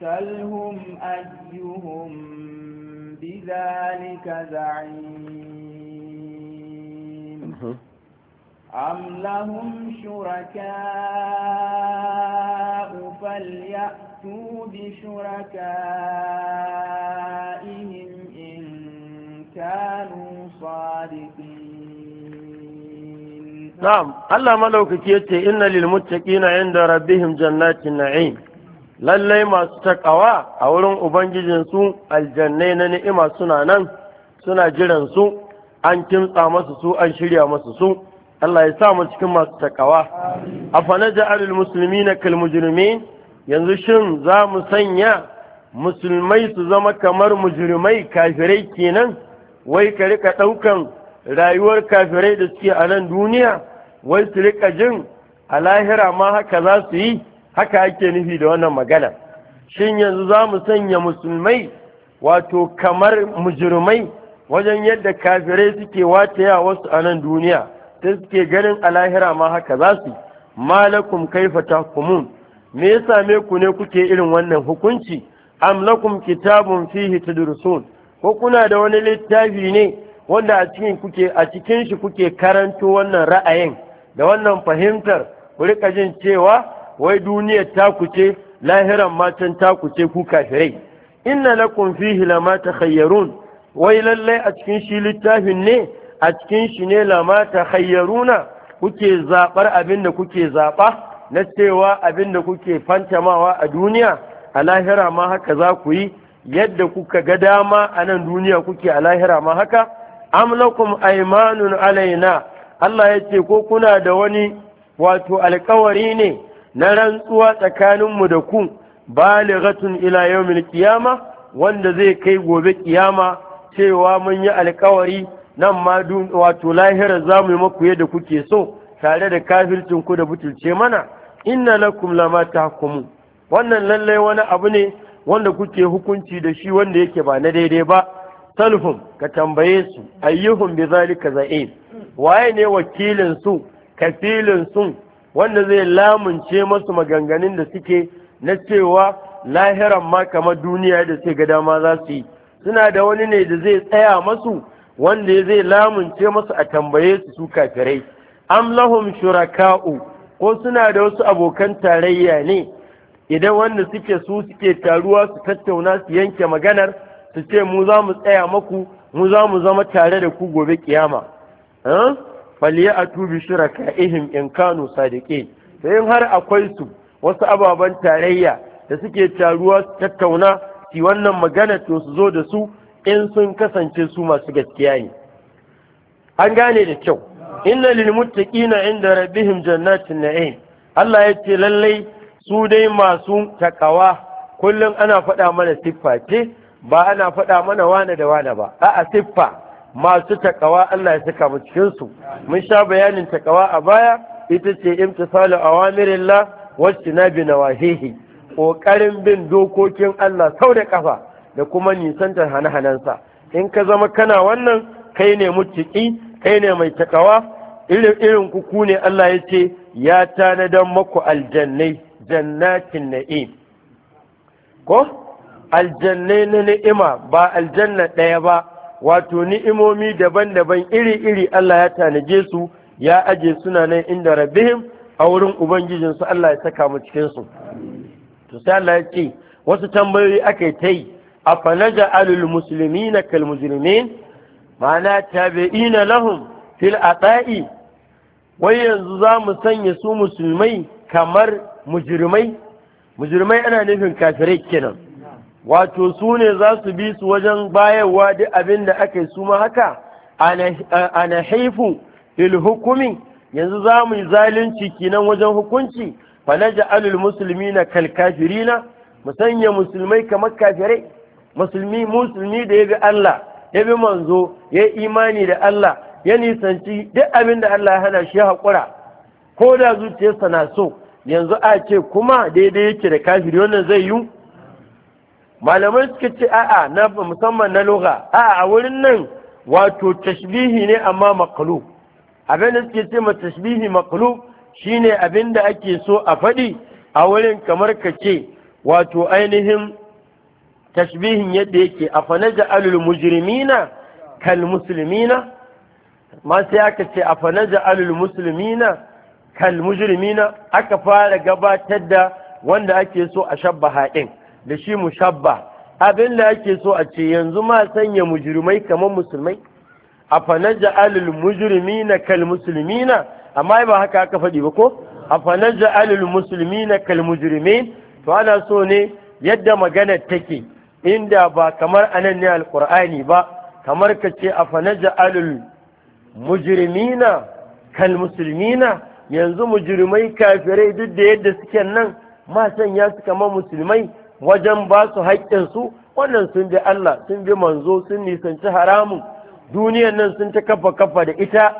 سلهم أيهم بذلك زعيم أم لهم شركاء فليأتوا بشركائهم إن كانوا صادقين نعم الله ملوك يتي إن للمتقين عند ربهم جنات النعيم lallai masu takawa a wurin ubangijinsu aljannai na ni'ima suna nan suna jiran su an kimtsa masu su an shirya masu su Allah ya sa mu cikin masu takawa afana ja'alul musulmi na kalmujirmi yanzu shin za mu sanya musulmai su zama kamar mujirmai kafirai kenan wai ka rika ɗaukan rayuwar kafirai da suke a nan duniya wai su rika jin a lahira ma haka za su yi haka ake nufi da wannan magana shin yanzu za mu sanya musulmai wato kamar mujirmai wajen yadda kafirai suke wataya wasu a nan duniya ta suke ganin alahira ma haka za su malakum kaifa tahkumun me ya same ku ne kuke irin wannan hukunci am lakum kitabun fihi tadrusun ko kuna da wani littafi ne wanda a cikin kuke a cikin shi kuke karanto wannan ra'ayin da wannan fahimtar ku rika jin cewa wai duniyar ta kuce lahiran matan ta kuce ku kafirai inna lakum fihi lama takhayyarun wai lallai a cikin shi littafin ne a cikin shi ne lama takhayyaruna kuke zabar abin da kuke zaba na cewa abin da kuke fantamawa a duniya a lahira ma haka za ku yi yadda kuka ga dama a nan duniya kuke a lahira ma haka am lakum aymanun alaina Allah ya ce ko kuna da wani wato alkawari ne na rantsuwa tsakaninmu da ku balighatun ila yawmil qiyama wanda zai kai gobe kiyama cewa mun yi alkawari nan ma wato lahira za mu yi maku yadda kuke so tare da kafircin ku da butulce mana inna lakum lama tahkumu wannan lallai wani abu ne wanda kuke hukunci da shi wanda yake ba na daidai ba salhum ka tambaye su ayyuhum bi zalika za'im waye ne wakilin su kafilin sun? wanda zai lamunce masu maganganun da suke na cewa lahiran ma kamar duniya da sai ga dama za su yi suna da wani ne da zai tsaya masu wanda zai lamunce masu a tambaye su su kafirai am lahum shuraka'u ko suna da wasu abokan tarayya ne idan wanda suke su suke taruwa su tattauna su yanke maganar su ce mu za mu tsaya maku mu za mu zama tare da ku gobe kiyama faliya a tubi shiraka ihim in kanu sadiqin sai in har akwai su wasu ababen tarayya da suke taruwa tattauna ki wannan magana to su zo da su in sun kasance su masu gaskiya ne an gane da kyau inna lil muttaqina inda rabbihim jannatin na'im Allah ya ce lallai su dai masu takawa kullum ana faɗa mana siffa ce ba ana faɗa mana wane da wane ba a'a siffa masu takawa Allah ya saka mu cikin su mun sha bayanin takawa a baya ita ce imtisalu awamirillah wastinabi nawahihi kokarin bin dokokin Allah sau da kafa da kuma nisantar hane hanansa in ka zama kana wannan kai ne mutiki kai ne mai takawa irin irin kuku ne Allah ya ce ya tanadan maku aljannai jannatin na'im ko aljannai na ni'ima ba aljanna ɗaya ba wato ni'imomi daban-daban iri-iri Allah ya tanaje su ya aje suna nan inda rabbihim a wurin ubangijin su Allah ya saka mu cikin su to sai Allah ya ce wasu tambayoyi aka yi ta yi a alul muslimina na mujrimin ma'ana tabi'ina lahum fil ata'i wai yanzu za mu sanya su musulmai kamar mujrimai mujrimai ana nufin kafirai kenan wato su ne za su bi su wajen bayarwa da abin da aka yi su ma haka A na haifu ilhukumi yanzu za mu yi zalunci kinan wajen hukunci fa alul musulmi na kafirina mu sanya musulmai kamar kafirai musulmi musulmi da ya bi Allah ya bi manzo ya imani da Allah ya nisanci duk abin da Allah ya hana shi haƙura ko da zuciyarsa na so yanzu a ce kuma daidai yake da kafiri wannan zai yi malamai suka ce a'a na musamman na loga a'a a wurin nan wato tashbihi ne amma makalu abin da suke ce ma tashbihi shi shine abin da ake so a faɗi a wurin kamar ka ce wato ainihin tashbihin yadda yake a fanaja alul mujrimina kal muslimina ma sai aka ce a fanaja alul muslimina kal mujrimina aka fara gabatar da wanda ake so a shabbaha din da shi mushabba abin da ake so a ce yanzu ma sanya mujrimai kamar musulmai a fanaja alil mujrimina kal muslimina amma ba haka aka faɗi ba ko a fanaja alil muslimina kal mujrimin to ana so ne yadda magana take inda ba kamar anan ne Alƙur'ani ba kamar ka ce a fanaja alil mujrimina kal muslimina yanzu mujrimai kafirai duk da yadda suke nan ma sanya su kamar musulmai wajen ba su haƙƙinsu wannan sun bi Allah sun bi manzo sun nisanci haramun duniyan nan sun ta kafa kafa da ita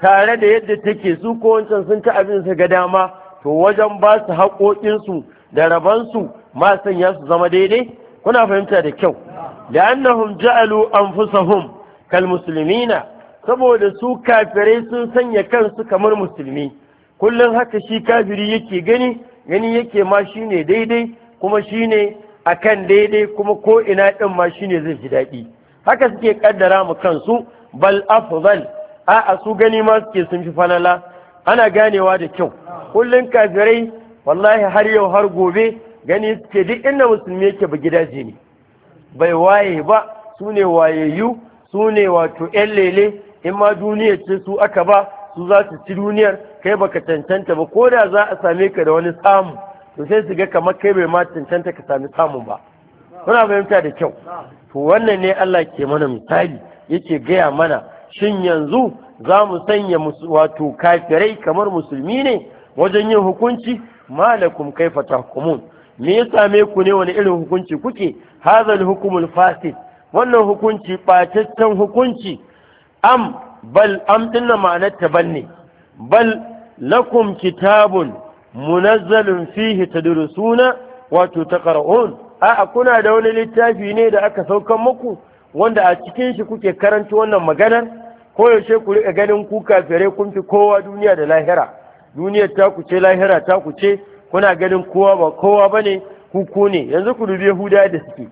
tare da yadda take su ko wancan sun ta abin su ga dama to wajen ba su haƙoƙinsu da rabansu ma sanya su zama daidai kuna fahimta da kyau la'annahum ja'alu anfusahum kal muslimina saboda su kafirai sun sanya kansu kamar musulmi kullum haka shi kafiri yake gani gani yake ma shine daidai kuma shi ne a kan daidai kuma ko ina ɗin ma ne zai fi daɗi haka suke ƙaddara mu kansu bal afzal a su gani ma suke sun fi falala ana ganewa da kyau kullum kafirai wallahi har yau har gobe gani suke duk inda musulmi yake ba gidaje ne bai waye ba su ne wayayyu su ne wato 'yan lele in ma duniya ce su aka ba su za su ci duniyar kai baka cancanta ba ko da za a same ka da wani samu to sai su ga kamar kai bai ma cancanta ka sami samun ba kuna fahimta da kyau to wannan ne Allah ke mana misali yake gaya mana shin yanzu za mu sanya wato kafirai kamar musulmi ne wajen yin hukunci malakum kaifa tahkumun me ya same ku ne wani irin hukunci kuke hazal hukumul fasid wannan hukunci ɓataccen hukunci am bal am dinna ma'anar ta banne bal lakum kitabun munazzalun fihi tadrusuna wato taqra'un a kuna da wani littafi ne da aka saukan muku wanda a cikin shi kuke karanta wannan maganar ko yaushe ku rika ganin ku kafirai kun fi kowa duniya da lahira duniyar ta ku ce lahira ta ku ce kuna ganin kowa ba kowa bane ku ku ne yanzu ku dubi Yahuda da suke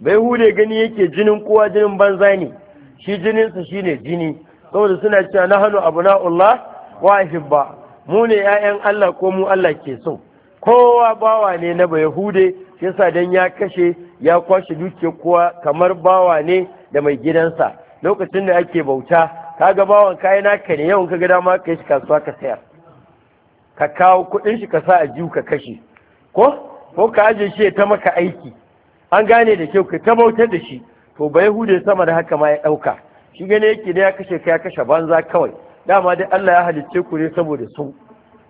bai hude gani yake jinin kowa jinin banza ne shi jininsa shine jini saboda suna cewa nahanu allah wa ahibba mu ne 'ya'yan Allah ko mu Allah ke so kowa bawa ne na ba yahude yasa don ya kashe ya kwashe duke kuwa, kamar bawa ne da mai gidansa lokacin da ake bauta kaga bawan kai naka ne yawan kaga dama ka yi shi kasuwa ka sayar ka kawo kuɗin shi ka sa a jiwu ka kashe ko ko ka aje shi ya ta maka aiki an gane da kyau ka ta bautar da shi to ba yahude sama da haka ma ya ɗauka shi gane yake da ya kashe ka ya kashe banza kawai dama dai Allah ya halicce ku ne saboda su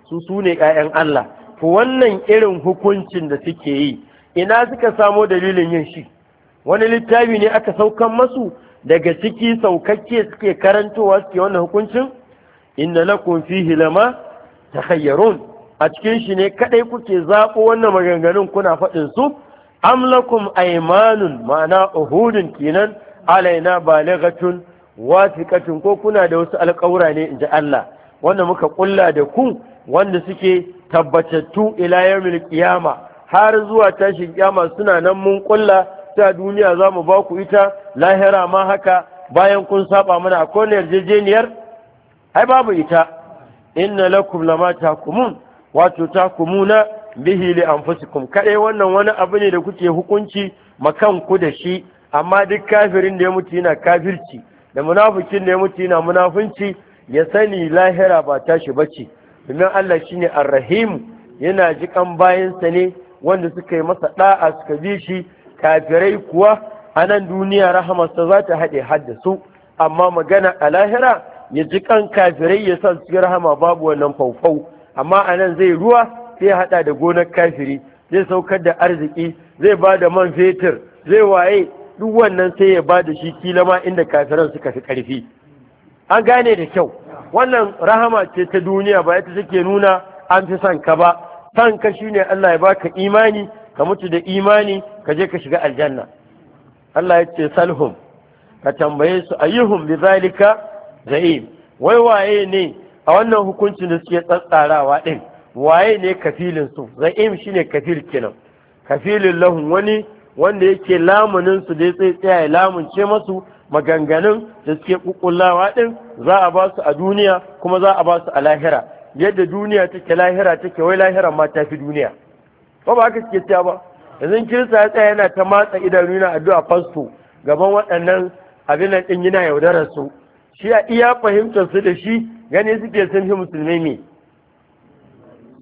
su su ne ƴaƴan Allah ku wannan irin hukuncin da suke yi ina suka samo dalilin yin shi wani littafi ne aka saukan masu daga ciki saukakke suke karantowa suke wannan hukuncin inna lakum fihi lama takhayyarun a cikin shi ne kadai kuke zabo wannan maganganun kuna faɗin su am lakum aymanun ma'ana uhudun kenan alaina balighatun wasiqatun ko kuna da wasu alƙawura ne da Allah wanda muka ƙulla da ku wanda suke tabbatattu ila yawmil kiyama har zuwa tashin kiyama suna nan mun ƙulla, ta duniya za mu ba ku ita lahira ma haka bayan kun saba mana a kone yarjejeniyar ai babu ita inna lakum lama takumun wato takumuna bihi li anfusikum kadai wannan wani abu ne da kuke hukunci makan ku da shi amma duk kafirin da ya mutu yana kafirci da munafikin ne mutu yana munafunci ya sani lahira ba tashi bace domin Allah shine arrahim rahim yana jikan bayansa ne wanda suka yi masa da'a suka bi shi kafirai kuwa a nan duniya rahamarsa za ta haɗe su, amma magana a lahira ya ji kan kafirai ya sa su rahama babu wannan faufau amma a nan zai ruwa sai haɗa da gonar kafiri zai saukar da arziki zai ba da man fetur zai waye duk wannan sai ya ba da shi kila ma inda kafiran suka fi karfi. an gane da kyau wannan rahama ce ta duniya ba ita take nuna an fi son ka ba son ka shine Allah ya baka imani ka mutu da imani ka je ka shiga aljanna Allah ya ce salhum ka tambaye su ayyuhum bi zalika za'im wai waye ne a wannan hukuncin da suke tsatsarawa din waye ne kafilin su za'im shine kafil kenan kafilin lahum wani wanda yake lamunin su dai tsaye tsaya ya lamunce masu maganganun da suke kukullawa din za a ba su a duniya kuma za a ba su a lahira yadda duniya take lahira take wai lahira ma ta fi duniya ba ba haka suke cewa ba yanzu kirista ya tsaya yana ta matsa idan nuna addu'a fasto gaban waɗannan abin nan din yana yaudarar su shi a iya fahimtar su da shi gani suke sun fi musulmi ne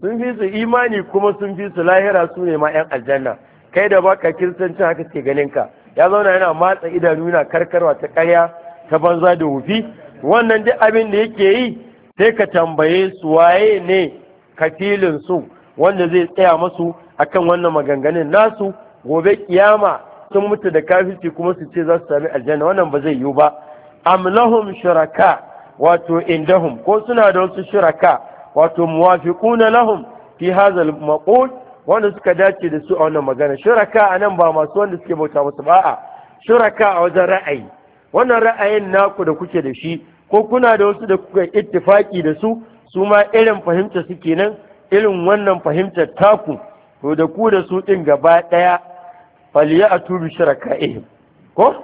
sun fi su imani kuma sun fi su lahira su ne ma 'yan aljanna kai da baka kiristanci haka ke ganin ka ya zauna yana matsa idanu yana karkarwa ta karya ta banza da wufi wannan duk abin da yake yi sai ka tambaye su waye ne kafilin su wanda zai tsaya masu akan wannan maganganun nasu gobe kiyama sun mutu da kafirci kuma su ce za su sami aljanna wannan ba zai yiwu ba am lahum shuraka wato indahum ko suna da wasu shuraka wato muwafiquna lahum fi hadha al wanda suka dace da su a wannan magana shuraka a nan ba masu wanda suke bauta musu ba a shuraka a wajen ra'ayi wannan ra'ayin naku da kuke da shi ko kuna da wasu da kuka ittifaki da su su ma irin fahimta suke nan irin wannan fahimtar taku to da ku da su din gaba daya faliya a tubi shuraka ihim ko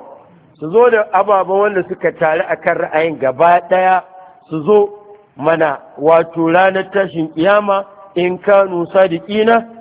su zo da ababen wanda suka tare kan ra'ayin gaba ɗaya su zo mana wato ranar tashin kiyama in kanu sadiqina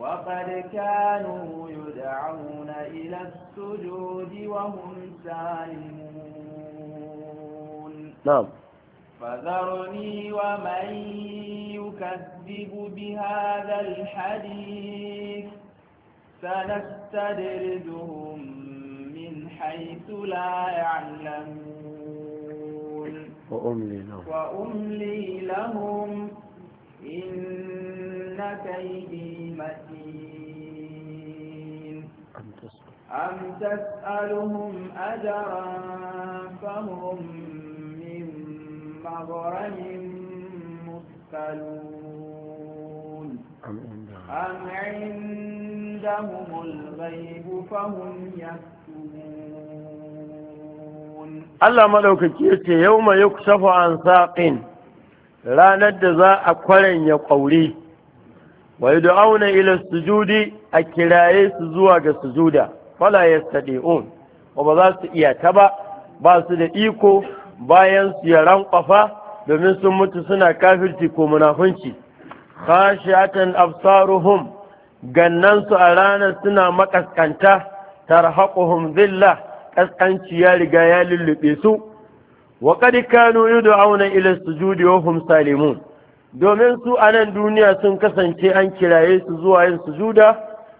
وقد كانوا يدعون إلى السجود وهم سالمون نعم فذرني ومن يكذب بهذا الحديث سنستدرجهم من حيث لا يعلمون وأملي لهم وأملي لهم إن كيدي متين أم تسألهم أجرا فهم من مغرم مثقلون أم عندهم الغيب فهم يكتبون الله ملوكك يوم يكشف عن ساقٍ ranar da za a kwaren ƙauri wa yud'auna ila sujudi a kiraye su zuwa ga sujuda fala yastadi'un wa ba za su iya ta ba ba su da iko bayan su ya rankwafa domin sun mutu suna kafirci ko munafunci khashiatan absaruhum gannan su a ranar suna makaskanta tarhaquhum zillah kaskanci ya riga ya lullube su wa qad kanu yud'auna ila sujudi wa hum salimun domin su a nan duniya sun kasance an kiraye su zuwa yin sujuda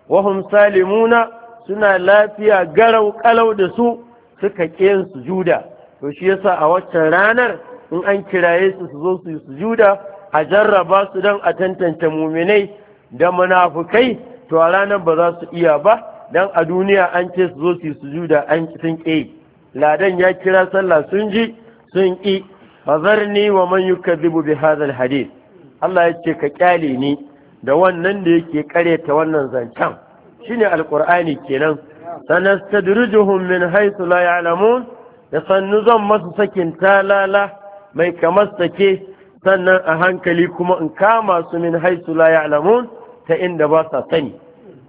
wahum salimuna suna lafiya garau kalau da su suka ƙi yin sujuda to shi yasa a waccan ranar in an kiraye su su zo su yi sujuda a jarraba su don a tantance muminai da munafukai to a ranar ba za su iya ba don a duniya an ce su zo su yi sujuda an sun ƙi ladan ya kira sallah sun ji sun ƙi fazarni wa man yukadhibu bi hadha hadith Allah ya ce ka kyale ni da wannan da yake ta wannan zancen shine alqur'ani kenan sanastadrijuhum min haythu la ya'lamun da sannu zan masu sakin talala mai kamar sake sannan a hankali kuma in kama su min haythu la ya'lamun ta inda ba sa sani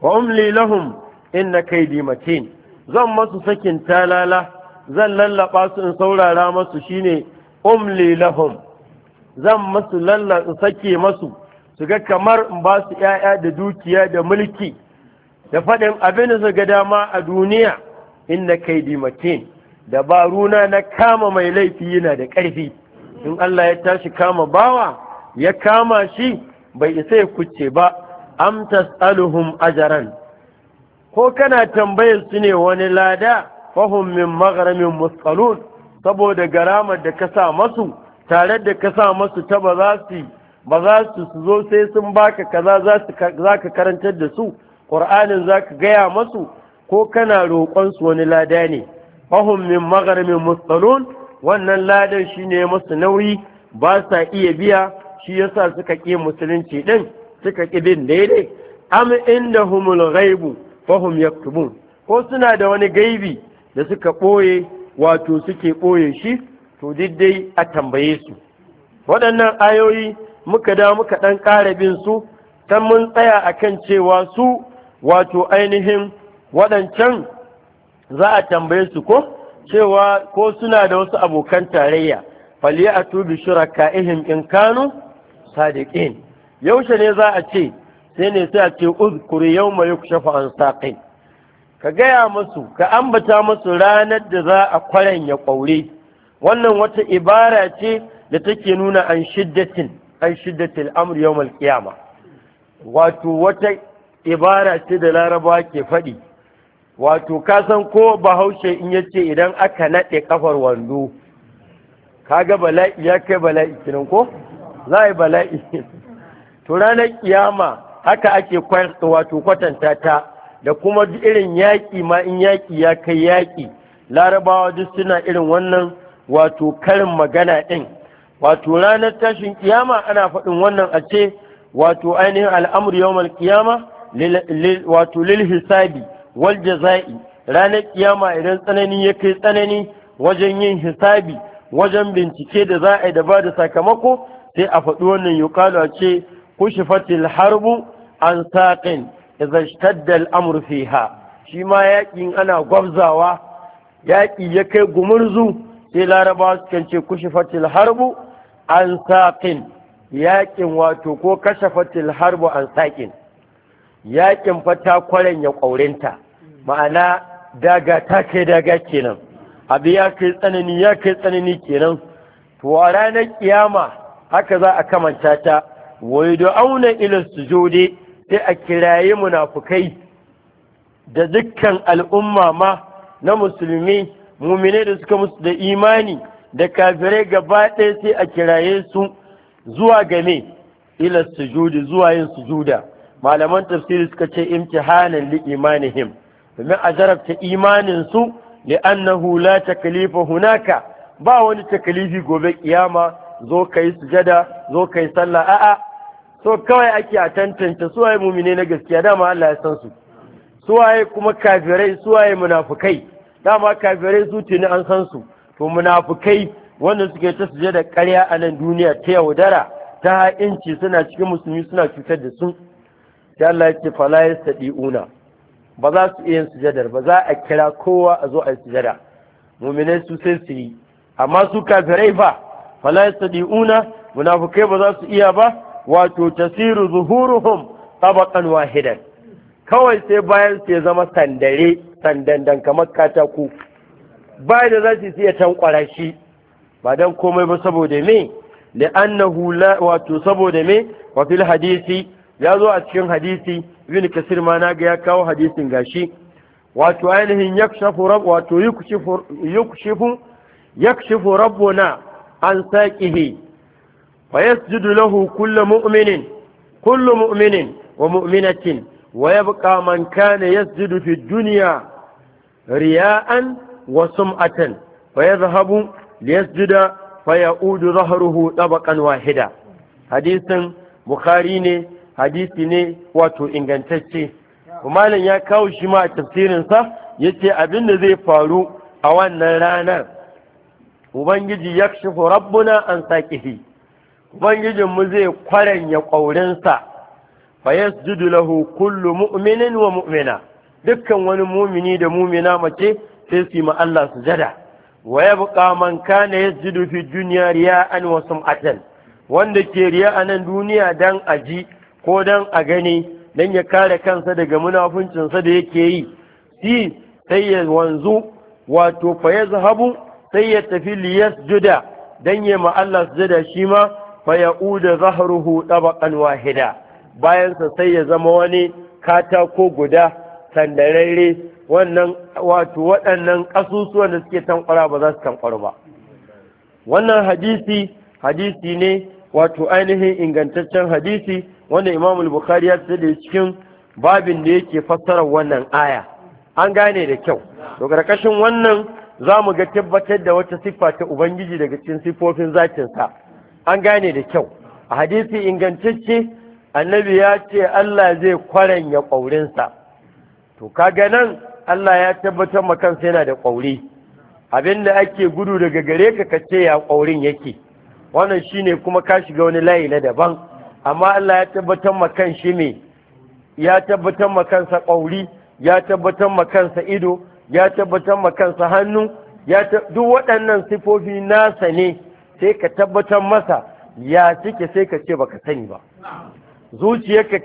wa umli lahum inna kaydi matin zan masu sakin talala zan lallaba su in saurara masu shine umli lahum zan masu lalla in sake masu su ga kamar in ba su ‘ya'ya da dukiya da mulki da faɗin abin su ga dama a duniya In na kai dimatin dabaruna na kama mai laifi yana da ƙarfi in Allah ya tashi kama bawa ya kama shi bai isa ya kuce ba am tas'aluhum ajaran ko kana tambayar su ne wani lada fahimmin min magharamin saboda garamar da ka sa masu tare da ka sa masu ta ba za su ba za su zo sai sun baka kaza za su za ka karantar da su ƙur'anin za ka gaya masu ko kana roƙon su wani lada ne fahum min magharimin mustalun wannan ladan shine masu nauyi ba sa iya biya shi yasa suka ƙi musulunci din suka ƙi din daidai am indahumul ghaibu fahum yaktubun ko suna da wani gaibi da suka ɓoye wato suke ɓoye shi to dai a tambaye su waɗannan ayoyi muka da muka ɗan ƙara bin su ta mun tsaya a kan cewa su wato ainihin waɗancan za a tambaye su ko cewa ko suna da wasu abokan tarayya fali a tubi shuraka ihim in kanu sadiqin yaushe ne za a ce sai ne sai a ce uzkuri yawma yukshafa an saqin ka gaya masu ka ambata masu ranar da za a ya ƙwaure wannan wata ibara ce da take nuna an shiddatin an shiddatil amr yawmal qiyama wato wata ibara ce da laraba ke faɗi wato ka san ko bahaushe in yace idan aka naɗe kafar wando kaga bala'i ya kai bala'i kinan ko za a yi bala'i to ranar kiyama haka ake wato kwatanta ta da kuma irin yaƙi ma in yaƙi ya kai yaƙi larabawa duk suna irin wannan wato karin magana ɗin wato ranar tashin kiyama ana faɗin wannan a ce wato ainihin al'amur yawmal kiyama wato lil hisabi wal jaza'i ranar kiyama idan tsanani ya kai tsanani wajen yin hisabi wajen bincike da za a yi da ba da sakamako sai a faɗi wannan yuqalu a ce fatil harbu an saƙin idza ishtadda shi ma yaƙin ana gwabzawa yaƙi ya kai gumurzu sai larabawa sukan ce fatil harbu an saƙin yaƙin wato ko kashe fatil harbu an saƙin yaƙin fata kwaren ya ƙaurinta ma'ana daga ta kai daga kenan abu ya kai tsanani ya kai tsanani kenan to a ranar kiyama haka za a kamanta ta wai da auna ilin jode sai a kiraye munafukai da dukkan al'umma ma na musulmi Mumine da suka musu da imani da kafire gaba ɗaya sai a kiraye su zuwa game ila sujudi zuwa yin sujuda malaman tafsiri suka ce imtihanan li imanihim domin a jarabta imanin su li annahu la taklifa hunaka ba wani taklifi gobe kiyama zo kai sujada zo kai sallah a'a so kawai ake a tantance suwaye mumine na gaskiya dama Allah ya san su suwaye kuma kafirai suwaye munafukai dama kafirai su ne an san su to munafukai wanda suke ta suje da ƙarya a nan duniya ta yaudara ta ha'inci suna cikin musulmi suna cutar da su da Allah ya ce fala ba za su iya sujadar ba za a kira kowa a zo a sujada muminai su sai su yi amma su kafirai ba fala yastadi'una munafukai ba za su iya ba wato tasiru zuhuruhum tabaqan wahidan kawai sai bayan ya zama sandare sandandan kamar katako ba da za su iya tankwara shi ba don komai ba saboda me li'annahu la wato saboda me wa fil hadisi ya zo a cikin hadisi ibn kasir ma na ga ya kawo hadisin gashi wato ainihin yakshafu rabb wato yukshifu yukshifu yakshifu rabbuna an saqihi wa yasjudu lahu kullu mu'minin kullu mu'minin wa mu'minatin wa yabqa man kana yasjudu fi duniya. riya'an wa sum'atan fa yadhhabu liyasjuda fa ya'udu dhahruhu tabaqan wahida hadisin bukhari ne hadisi ne wato ingantacce malam ya kawo shi ma a tafsirin sa yace abin da zai faru a wannan ranar ubangiji yakshifu rabbuna an saqihi ubangijin mu zai kwaranya ƙaurinsa fa yasjudu lahu kullu mu'minin wa mu'mina dukkan wani mumini da mumina mace sai su yi ma Allah sujada wa buƙa man kana yasjudu fi dunya riya'an wa sum'atan wanda ke riya a nan duniya dan aji ko dan a gani dan ya kare kansa daga munafuncinsa da yake yi si sai ya wanzu wato fa zahabu. sai ya tafi liyas liyasjuda dan ya ma Allah sujada shi ma fa uda zahruhu tabaqan wahida Bayansa sai ya zama wani katako guda sandararre wannan wato waɗannan ƙasusuwan da suke tankwara ba za su tankwara ba wannan hadisi hadisi ne wato ainihin ingantaccen hadisi wanda imam bukhari ya tsaye da cikin babin da yake fassarar wannan aya an gane da kyau to karkashin wannan za mu ga tabbatar da wata siffa ta ubangiji daga cikin siffofin zatinsa an gane da kyau a hadisi ingantacce annabi ya ce allah zai kwaranya ƙaurinsa to kaga nan Allah ya tabbatar ma kansa yana da ƙauri abinda ake gudu daga gare ka kace ya ƙaurin yake wannan shine kuma ka shiga wani layi na daban amma Allah ya tabbatar ma shi ne. ya tabbatar ma kansa ƙauri ya tabbatar ma kansa ido ya tabbatar ma kansa hannu ya duk waɗannan sifofi nasa ne sai ka tabbatar masa ya cike sai ka ce baka sani ba zuciyarka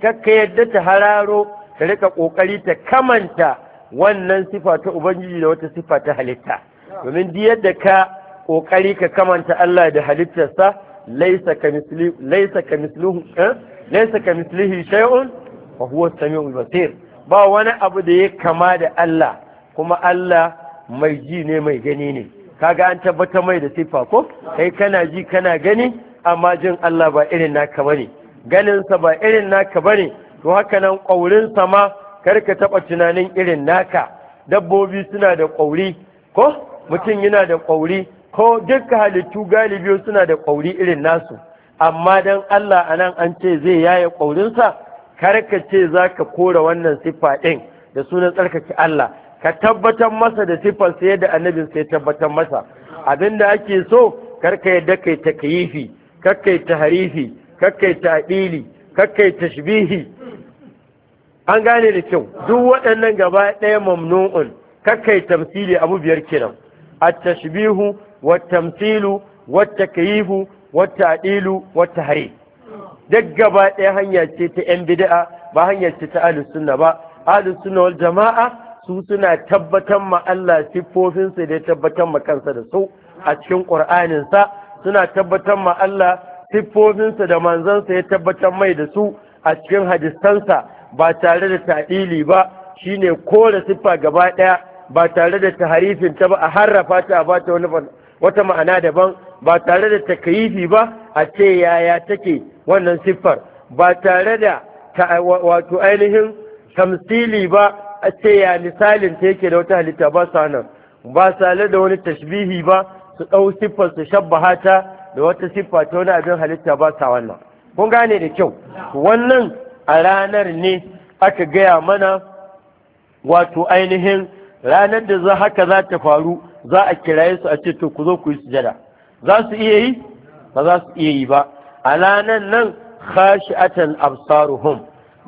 ka yadda ta hararo Ka rika ƙoƙari ta kamanta wannan sifa ta ubangiji da wata sifa ta halitta domin di yadda ka ƙoƙari ka kamanta Allah da halittarsa laisa ka mislihu eh, laisa ka mislihi shay'un wa huwa basir ba wani abu da ya kama da Allah kuma Allah mai ji ne mai gani ne kaga an tabbata mai da sifa ko kai kana ji kana gani amma jin Allah ba irin naka bane ganinsa ba irin naka bane to haka nan ƙaurin sama karka taɓa tunanin irin naka dabbobi suna da ƙauri ko mutum yana da ƙauri ko dukkan halittu galibi suna da ƙauri irin nasu amma dan Allah anan an ce zai yaye ƙaurinsa kar ka ce za ka kora wannan siffa ɗin da sunan tsarkake Allah ka tabbatar masa da sai yadda annabin sai tabbatar masa abin da ake so karka ka yadda kai ta kayifi kar ta harifi ta ɗili tashbihi an gane da kyau duk waɗannan gaba ɗaya mamnu'un kakkai tamsili abu biyar kenan at-tashbihu wat-tamthilu wat-takyifu wat-ta'dilu wat tahri duk gaba ɗaya hanya ce ta yan bid'a ba hanya ce ta ahlus sunna ba ahlus sunna wal jama'a su suna tabbatar ma Allah sifofin sa da tabbatar ma kansa da su a cikin qur'anin sa suna tabbatar ma Allah sifofin sa da manzon sa ya tabbatar mai da su a cikin hadisansa ba tare da ta'ili ba shine kore siffa gaba ɗaya ba tare da taharifin ta ba a harrafa ta a bata wani wata ma'ana daban ba tare da takayifi ba a ce yaya take wannan siffar ba tare da wato ainihin tamsili ba a ce ya misalin ta yake da wata halitta ba sa nan ba tare da wani tashbihi ba su ɗau siffar su shabbaha ta da wata siffa ta wani abin halitta ba sa wannan kun gane da kyau wannan a ranar ne aka gaya mana wato ainihin ranar da za haka za ta faru za a kiraye su a ce to ku zo ku yi sujada za su iya yi ba za su iya yi ba a ranar nan khashi'atan absaruhum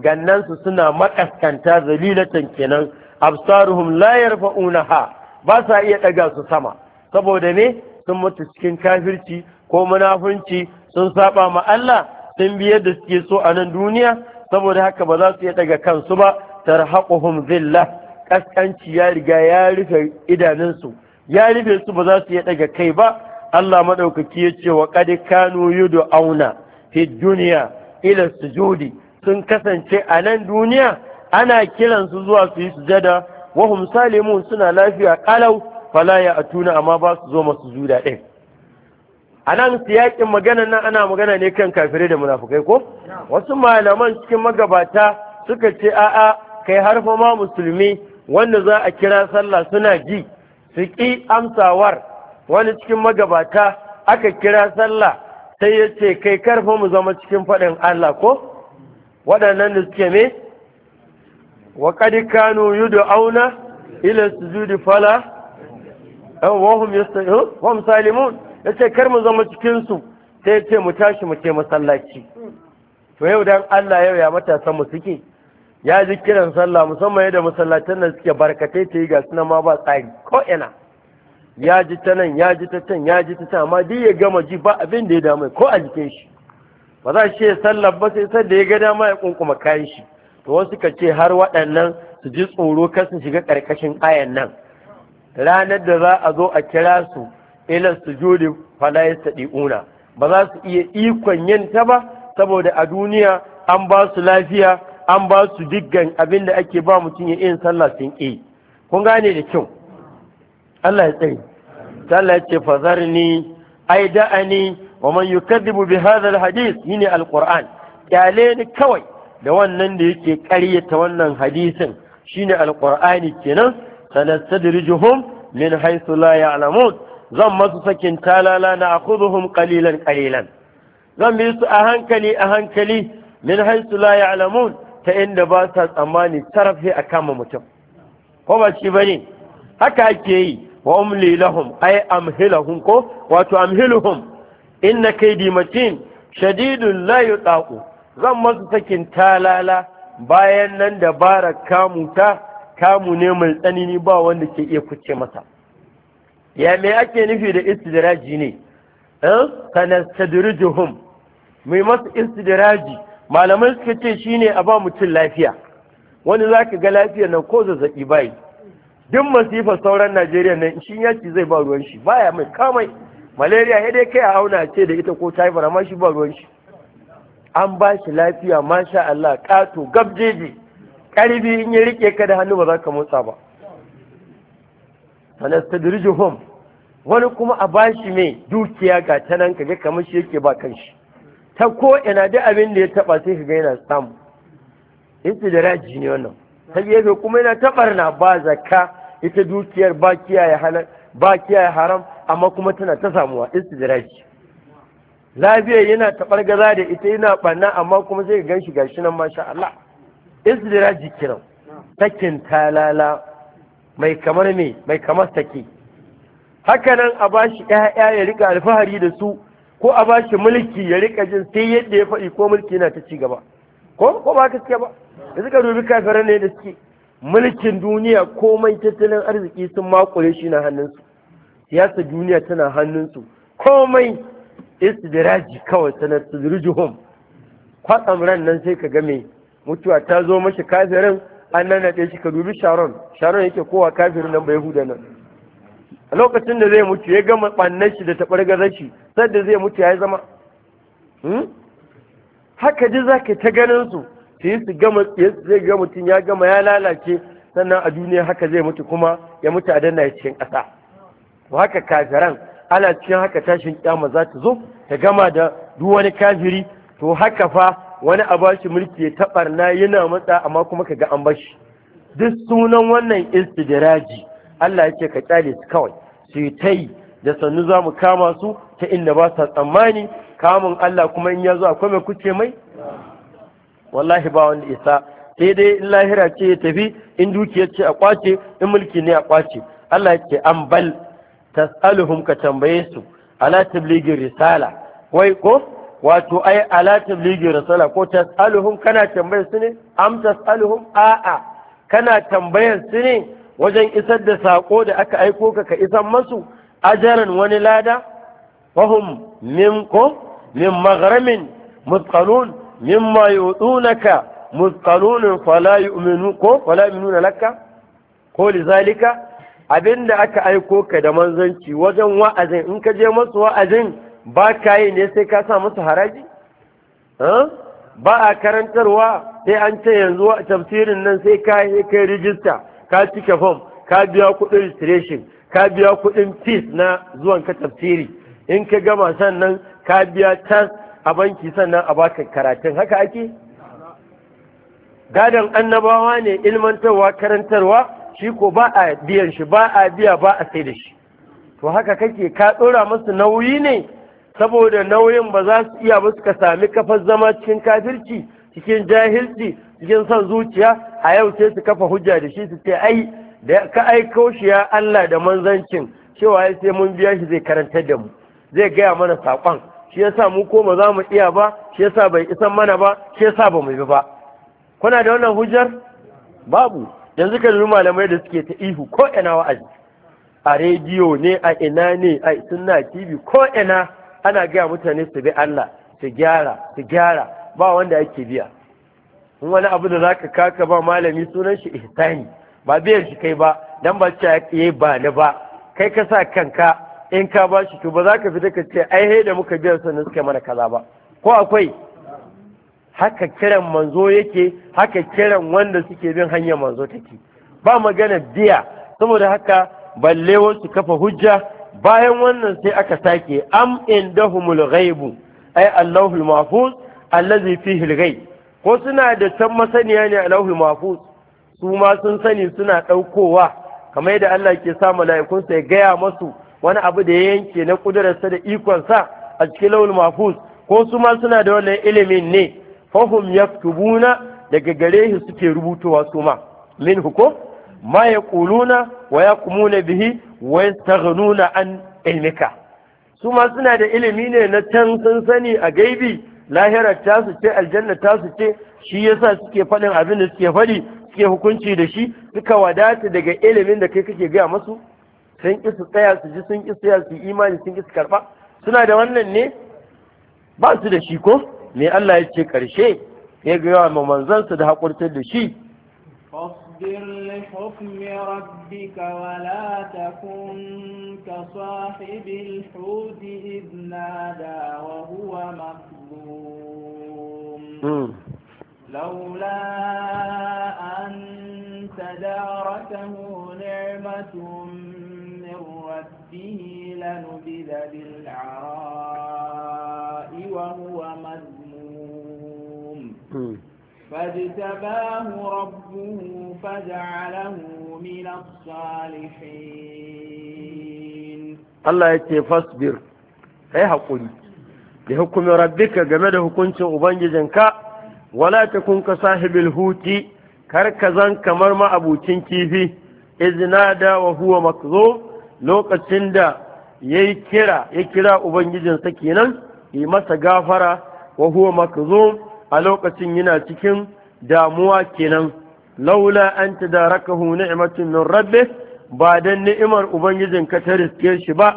gannan su suna makaskanta zalilatan kenan absaruhum la yarfa'unaha ba sa iya daga su sama saboda ne sun mutu cikin kafirci ko munafunci sun saba ma Allah sun bi yadda suke so a nan duniya saboda haka ba za su iya daga kansu ba tarhaquhum zillah kaskanci ya riga ya rufe idanunsu ya rufe su ba za su iya daga kai ba Allah madaukaki ya ce wa qad kanu auna fi dunya ila sujudi sun kasance a nan duniya ana kiransu zuwa su yi sujada wahumsa salimun suna lafiya ƙalau fala ya atuna amma ba su zo masu zuda ɗin a nan siyakin magana nan ana magana ne kan kafirai da munafukai ko wasu malaman cikin magabata suka ce a'a kai harfa ma musulmi wanda za a kira sallah suna ji su ƙi amsawar wani cikin magabata aka kira sallah sai ya ce kai karfa mu zama cikin faɗin Allah ko waɗannan da suke me wa kadi kanu auna ila sujudi fala salimun ya ce kar mu zama cikinsu sai ce mu tashi mu ce masallaci to yau dan Allah yau ya matasan mu suke ya ji kiran sallah musamman yadda masallatan da suke barkatai ta yi ga suna ma ba tsari ko ina ya ji ta nan ya ji ta can ya ji ta can amma duk ya gama ji ba abin da ya damu ko a jikin shi ba za shi ya sallar ba sai sanda ya ga dama ya kunkuma kayan shi to wasu ka ce har waɗannan su ji tsoro kar su shiga ƙarƙashin ayan nan ranar da za a zo a kira su ila sujudi fala yastadiuna ba za su iya ikon yin ta ba saboda a duniya an ba su lafiya an ba su diggan abin da ake ba mutum ya yin sallah sun ke kun gane da kyau Allah ya tsaye Allah ya ce fazarni ai da'ani wa man yukadibu bi hadha alhadith yini alquran kyale ni kawai da wannan da yake karyata wannan hadisin shine alqur'ani kenan sanastadrijuhum min haythu la ya'lamun zan masu sakin talala na a akhuduhum kalilan kalilan zan bi su a hankali a hankali min haythu la ya'lamun ta inda ba sa tsammani tarafi a kama mutum ko ba shi bane haka ake yi wa umli lahum ay amhilahum ko wato amhiluhum inna kaydi matin shadidun la yutaqu zan masu sakin talala bayan nan dabara kamuta kamu ne mai tsanani ba wanda ke iya kuce masa ya me ake nufi da istidraji ne eh kana tadrijuhum mai masu istidraji malamai suka ce shine a ba mutum lafiya wani zaka ga lafiya nan ko zazzabi bai duk masifar sauran Najeriya nan shi ya ci zai ba ruwan shi baya mai kamai malaria ya dai kai a auna ce da ita ko typhoid amma shi ba ruwan shi an ba shi lafiya masha Allah kato gabjeje karbi in ya rike ka da hannu ba za ka motsa ba sanastadrijuhum wani kuma a bashi mai dukiya ga ta nan kaga kamar shi yake ba kanshi ta ko ina da abin da ya taba sai kaga yana samu da raji ne wannan ta gefe kuma yana na ba zakka ita dukiyar ba kiyaye halal ba kiyaye haram amma kuma tana ta samuwa raji. lafiya yana tabar gaza da ita yana banna amma kuma sai ka ganshi gashi nan masha Allah da raji kiran takin talala mai kamar me mai kamar take hakanan a bashi ƴaƴa ya rika alfahari da su ko a bashi mulki ya rika jin sai yadda ya faɗi ko mulki yana ta ci gaba ko ko ba ka ba da suka dubi kafiran ne da suke mulkin duniya komai tattalin arziki sun makure shi na hannunsu siyasar duniya tana hannunsu komai istidiraji kawai tana su hom. kwatsam ran nan sai ka game mutuwa ta zo mashi kafirin an nannaɗe shi ka dubi sharon sharon yake kowa kafirin nan bai huda nan a lokacin da zai mutu ya gama ɓannan shi da gazar shi da zai mutu ya zama hmm? haka ji zaka ta ganin su sai su gama zai ga mutum ya gama ya lalace sannan a duniya haka zai mutu kuma ya mutu a danna cikin kasa to haka kafiran ana cikin haka tashin kyama za ta zo ta gama da duk wani kafiri to haka fa wani a bashi mulki ya na yana matsa amma kuma ka ga an bashi duk sunan wannan istidiraji Allah ya ce ka kyale su kawai su ta yi da sannu za mu kama su ta inda ba sa tsammani kamun Allah kuma in ya zo akwai mai kuce mai wallahi ba wanda isa sai dai in lahira ce ya tafi in dukiyar ce a kwace in mulki ne a kwace Allah ya ce an bal tas'aluhum ka tambaye su ala tabligin risala wai ko wato ai alatin tabligi rasala ko tas'aluhum kana tambayar su ne am tas'aluhum a'a kana tambayar su ne wajen isar da sako da aka aiko ka ka isar masu ajaran wani lada fahum min ko min magharamin mutqalun mimma yudunaka mutqalun fala yu'minu ko fala yu'minuna lakka ko lizalika abinda aka aiko ka da manzanci wajen wa'azin in ka je masu wa'azin ba ka yi ne sai ka sa musu haraji ba a karantarwa sai an ce yanzu a tafsirin nan sai ka yi kai rijista ka cike fom ka biya kuɗin registration ka biya kuɗin fees na zuwan ka tafsiri in ka gama sannan ka biya tas a banki sannan a baka karatun haka ake gadon annabawa ne ilmantarwa karantarwa shi ko ba a biyan shi ba a biya ba a sai da shi to haka kake ka ɗora masu nauyi ne saboda nauyin ba za su iya ba suka sami kafar zama cikin kafirci cikin jahilci cikin son zuciya a yau sai su kafa hujja da shi su ce ai da ka aiko shi ya Allah da manzancin cewa ya sai mun biya shi zai karantar da mu zai gaya mana saƙon shi yasa mu ko ba za mu iya ba shi yasa bai isan mana ba shi yasa ba mu bi ba kuna da wannan hujjar babu yanzu ka dubi malamai da suke ta ihu ko ina wa'azi a rediyo ne a ina ne a sunna tv ko ina ana gaya mutane su bi Allah su gyara su gyara ba wanda yake biya in wani abu da zaka kaka ba malami sunan shi ihsani ba biyan shi kai ba dan ba ce yayi eh ba ni ba kai ka sa kanka in ka ba shi to ba za ka fita ka ce ai he da muka biya sannan suka mana kaza ba ko akwai haka kiran manzo yake haka kiran wanda suke bin hanyar manzo take ba magana biya saboda haka balle wasu kafa hujja bayan wannan sai aka sake am indahumul ghaibu ay allahul mahfuz allazi fihi al ko suna da can masaniya ne allahul mahfuz su ma sun sani suna daukowa kamar yadda Allah ke sa mala'ikunsa ya gaya masu wani abu da ya yanke na kudurarsa da ikonsa a cikin lawul mahfuz ko su ma suna da wannan ilimin ne fahum yaktubuna daga gare shi suke rubutowa su ma min hukum ma ya kuluna wa ya kumuna bihi wa ya taghnuna an ilmika su ma suna da ilimi ne na can sun sani a gaibi lahirar su ce aljanna su ce shi yasa suke faɗin abin da suke faɗi suke hukunci da shi suka wadata daga ilimin da kai kake gaya masu sun ƙi su tsaya su ji sun ƙi tsaya su imani sun ƙi su karɓa suna da wannan ne ba su da shi ko me Allah ya ce ƙarshe ya gaya wa manzansa da haƙurtar da shi فاصبر لحكم ربك ولا تكن كصاحب الحوت إذ نادى وهو مظلوم لولا أن تداركه نعمة من ربه لنبذ بالعراء وهو مذموم فاجتباه ربه فجعله من الصالحين الله يتي فاصبر kai haƙuri da hukumin rabbika game da hukuncin ubangijinka wala ta kun ka sahibil huti kar ka zan kamar ma'abucin kifi iznada wa huwa lokacin da yayi ya kira ubangijinsa kenan yi masa gafara wa huwa a lokacin yana cikin damuwa kenan laula an ta tadarakahu ni'matun min rabbih ba dan ni'imar ubangijin ka ta riske shi ba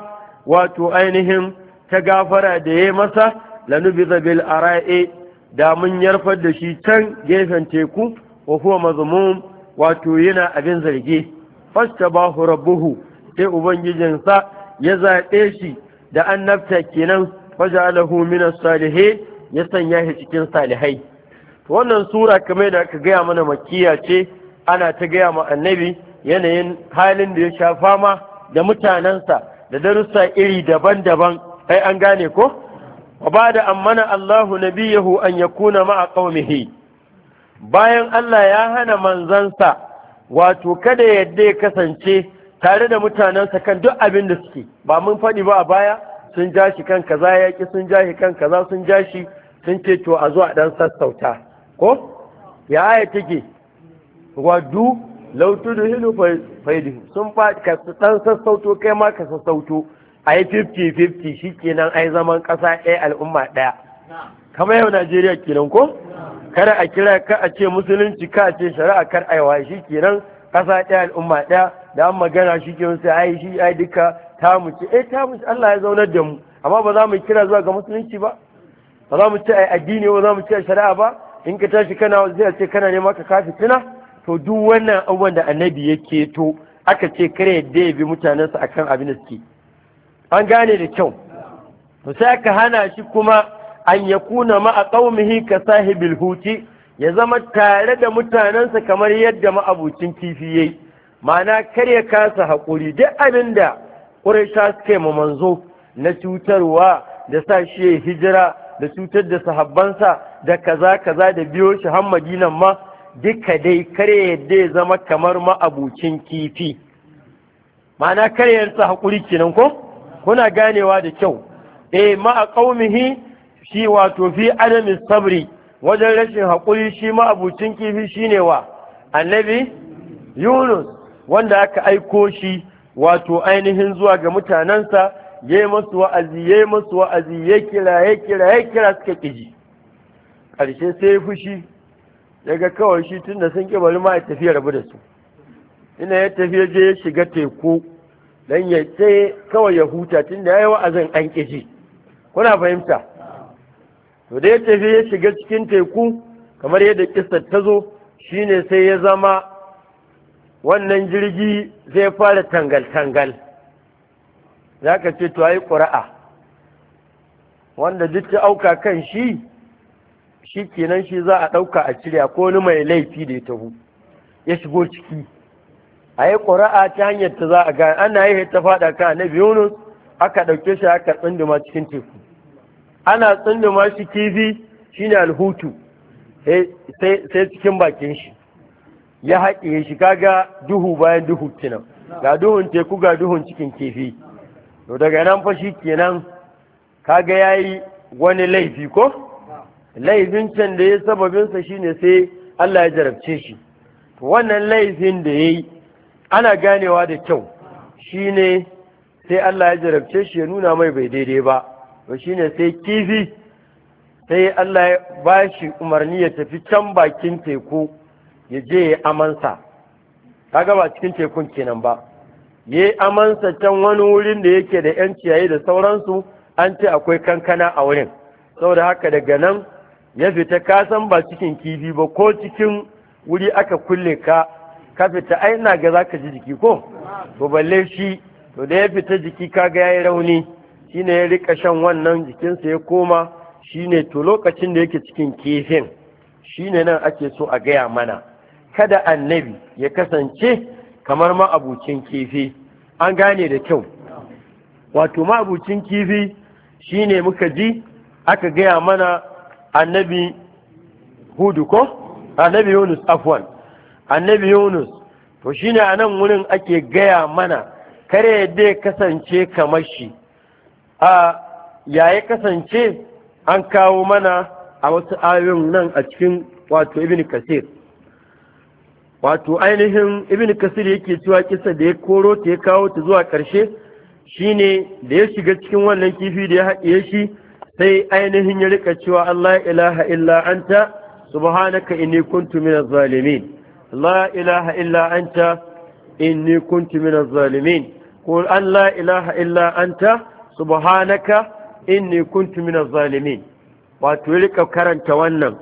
wato ainihin ta gafara da yayi masa lanubiza bil ara'i da mun yarfar da shi can gefen teku wa huwa mazmum wato yana abin zargi fastabahu rabbuhu sai ubangijinsa ya zaɓe shi da annabta kenan fajalahu min as-salihin ya sanya shi cikin salihai wannan sura kamar da aka gaya mana makiya ce ana ta gaya ma annabi yanayin halin da ya sha fama da mutanensa da darussa iri daban-daban ai an gane ko wa ba da ammana Allahu nabiyahu an yakuna ma'a qaumihi bayan Allah ya hana manzansa wato kada yadda ya kasance tare da mutanensa kan duk abin da suke ba mun faɗi ba a baya sun jashi kan kaza ya ƙi, sun jashi kan kaza sun ja shi sun ce to a zuwa dan sassauta ko ya ya take wadu lautu da hilu faidi sun ba ka dan sassauto kai ma ka sassauto a yi 50-50 shi kenan ai zaman ƙasa ɗaya al'umma ɗaya kamar yau najeriya kenan ko kada a kira ka a ce musulunci ka ce shari'a kar aiwa shi kenan ƙasa ɗaya al'umma ɗaya da an magana shi kenan sai ai shi ai duka ta mu ce eh ta mu Allah ya zaunar da mu amma ba za mu kira zuwa ga musulunci ba ba za mu ce ai addini ba za mu ce shari'a ba in ka tashi kana zai ce kana nema ka kafi tuna to duk wannan abubuwan da annabi ya keto aka ce kare yadda ya bi mutanensa kan abin da suke an gane da kyau to sai aka hana shi kuma an yakuna ma a qaumihi ka sahibil huti ya zama tare da mutanensa kamar yadda ma'abucin kifi ya yi. ma'ana kar ya kasa haƙuri duk abin da ƙuraisha suka yi manzo na cutarwa da sa shi ya hijira da cutar da sahabbansa da kaza kaza da biyo shi har madinan ma duka dai kare yadda ya zama kamar ma'abucin kifi ma'ana kare yarsa haƙuri kenan ko kuna ganewa da kyau eh ma a qaumihi shi wato fi adami sabri wajen rashin haƙuri shi ma'abucin kifi shine wa annabi yunus wanda aka aiko shi wato ainihin zuwa ga mutanensa ya masu wa'azi ya masu wa'azi ya kira ya kira ya kira suka ƙiji ƙarshe sai ya fushi daga kawai shi tun da sun ƙi bari ma ya tafiya rabu da su ina ya tafiya je ya shiga teku don ya sai kawai ya huta tun da ya yi wa'azin an ƙiji kuna fahimta to da ya tafi ya shiga cikin teku kamar yadda ƙistar ta zo shine sai ya zama wannan jirgi zai fara tangal-tangal za ka ce to yi ƙura'a wanda duk ta auka kan shi shi kenan shi za a ɗauka a cire ko wani mai laifi da ya taho ya shigo ciki a yi ƙura'a ta hanyar ta za a ga ana yi ta faɗa kan na yunus aka ɗauke shi aka tsunduma cikin teku ana tsunduma shi kifi shine alhutu sai cikin bakin shi ya haƙe shi kaga duhu bayan duhu kinan ga duhun teku ga duhun cikin kifi to daga nan fa shi kenan kaga yayi wani laifi ko laifin can da ya sababinsa shine sai Allah ya jarabce shi wannan laifin da yayi ana ganewa da kyau shine sai Allah ya jarabce shi ya nuna mai bai daidai ba to shine sai kifi sai Allah ya shi umarni ya tafi can bakin teku ya je ya amansa kaga ba cikin tekun kenan ba ya yi amansa can wani wurin da yake da 'yan ciyayi da sauransu an ce akwai kankana a wurin saboda haka daga nan ya fita kasan ba cikin kifi ba ko cikin wuri aka kulle ka ka fita ai ina ga zaka ji jiki ko to balle shi to da ya fita jiki ka kaga yayi rauni shine ya rika shan wannan jikinsa ya koma shine to lokacin da yake cikin kifin shine nan ake so a gaya mana kada annabi ya kasance kamar ma'abucin kifi an gane da kyau wato ma'abucin kifi shine muka ji aka gaya mana annabi hudu ko annabi yunus afwan annabi yunus to shine a nan wurin ake gaya mana kare yadda ya kasance kamar shi a ya kasance an kawo mana a wasu ayoyin nan a cikin wato ibn kasir wato ainihin ibn kasir yake cewa kisa da ya koro ta ya kawo ta zuwa ƙarshe shine da ya shiga cikin wannan kifi da ya haɗiye shi sai ainihin ya rika cewa Allah ilaha illa anta subhanaka inni kuntu minaz zalimin la ilaha illa anta inni kuntu minaz zalimin qul an ilaha illa anta subhanaka inni kuntu minaz zalimin wato ya rika karanta wannan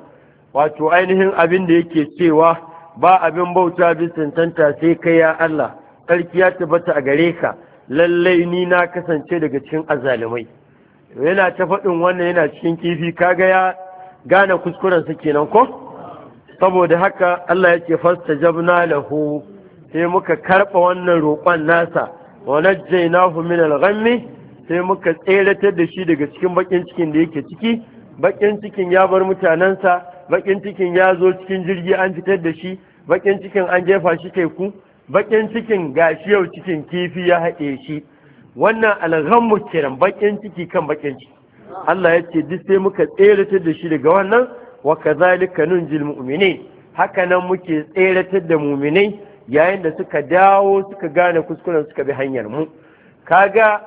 wato ainihin abin da yake cewa ba abin bauta bi tantanta sai kai ya Allah sarki ya tabbata a gare ka lallai ni na kasance daga cikin azalimai yana ta faɗin wannan yana cikin kifi kaga ya gane kuskuren su kenan ko saboda haka Allah yake fastajabna lahu sai muka karɓa wannan roƙon nasa wa najjaynahu min al-ghammi sai muka tseratar da shi daga cikin bakin cikin da yake ciki bakin cikin ya bar mutanansa. bakin cikin ya zo cikin jirgi an fitar da shi bakin cikin an jefa shi teku bakin cikin gashi yau cikin kifi ya haɗe shi wannan alhamu kiran bakin ciki kan bakin ciki Allah ya ce duk sai muka tseratar da shi daga wannan wa kazalika nunjil mu'minin haka nan muke tseratar da mu'minai yayin da suka dawo suka gane kuskuren suka bi hanyar mu kaga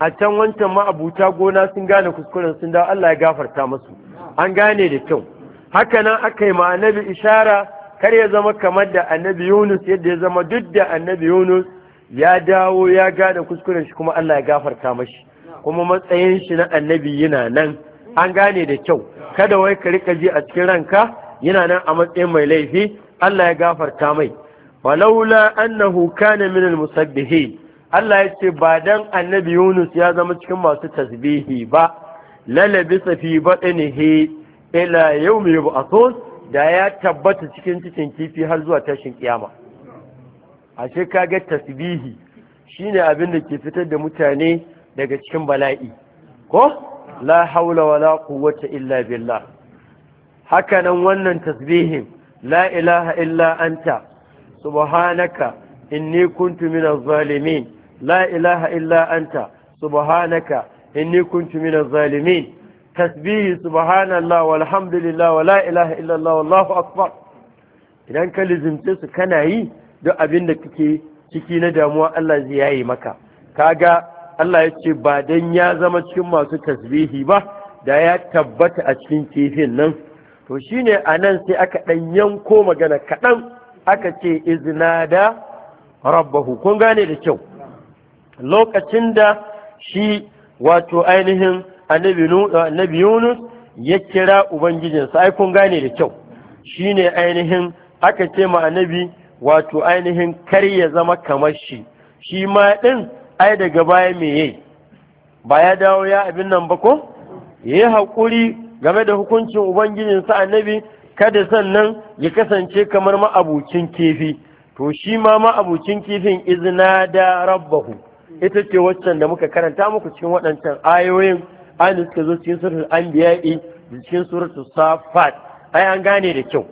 a can wancan abuta gona sun gane kuskuren sun dawo Allah ya gafarta musu an gane da kyau haka nan aka yi ma annabi ishara kar ya zama kamar da annabi yunus yadda ya zama duk da annabi yunus ya dawo ya gada kuskuren shi kuma allah ya gafarta mashi kuma matsayin shi na annabi yana nan an gane da kyau kada wai ka rika ji a cikin ranka yana nan a matsayin mai laifi allah ya gafarta mai walaula annahu kana min musabbihi, Allah ya ce ba dan annabi Yunus ya zama cikin masu tasbihi ba lalabisa fi baɗinihi ila yau mai son da ya tabbata cikin cikin kifi har zuwa tashin kiyama ashe ga tasbihi shine abin da ke fitar da mutane daga cikin bala'i ko la haula wala quwwata illa billah haka nan wannan tasbihin la ilaha illa anta subhanaka inni kuntu minaz zalimin la ilaha illa anta subhanaka inni kuntu minaz zalimin tasbihi subhanallah walhamdulillah wala ilaha illallah wallahu akbar idan ka lizimce su kana yi duk abin da kake ciki na damuwa Allah zai yayi maka kaga Allah ya ce ba dan ya zama cikin masu tasbihi ba da ya tabbata a cikin kifin nan to shine anan sai aka dan yanko magana kadan aka ce iznada rabbahu kun gane da kyau lokacin da shi wato ainihin annabi yunus ya kira ubangijinsa ai kun gane da kyau shine ainihin aka ce ma annabi wato ainihin kar ya zama kamar shi shi ma din ai daga baya me yayi ba ya dawo ya abin nan ba ko yayi hakuri game da hukuncin ubangijinsa annabi kada sannan ya kasance kamar ma'abucin kifi to shi ma ma'abucin kifin izina da rabbahu ita ce waccan da muka karanta muku cikin waɗancan ayoyin ayin suka zo cikin suratul anbiya'i cikin suratul safat ai an gane da kyau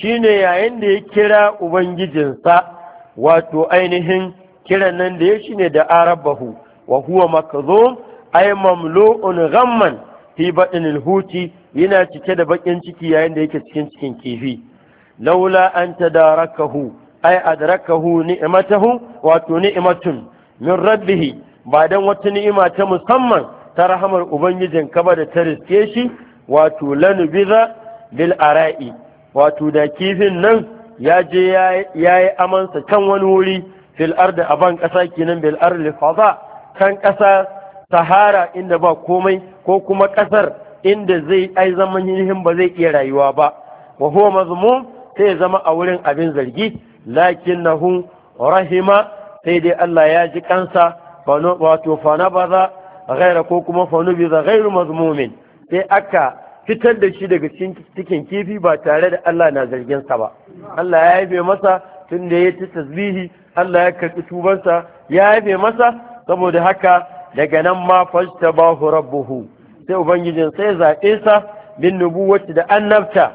shine yayin da ya kira ubangijinsa wato ainihin kiran nan da ya shine da arabahu wa huwa makzum ay mamlu'un ghamman fi batnil alhuti yana cike da bakin ciki yayin da yake cikin cikin kifi laula an tadarakahu ay adrakahu ni'matahu wato ni'matun min rabbih ba dan wata ni'ima ta musamman ta rahamar ubangijin kaba da ta riske shi wato lanubiza bil ara'i wato da kifin nan ya je ya yi amansa can wani wuri fil arda a ban ƙasa kenan bil ardi fada kan ƙasa sahara inda ba komai ko kuma ƙasar inda zai ai zaman yinihin ba zai iya rayuwa ba wa huwa mazmum sai zama a wurin abin zargi lakinnahu rahima sai dai Allah ya ji kansa wato fa na baza ghaira ko kuma fanubi za ghairu mazmumin sai aka fitar da shi daga cikin kifi ba tare da Allah na zargin sa ba Allah ya yabe masa tun da ya ci tasbihi Allah ya karbi tubansa ya yabe masa saboda haka daga nan ma hu rabbuhu sai ubangijin sai zaɓe sa bin nubuwati da annabta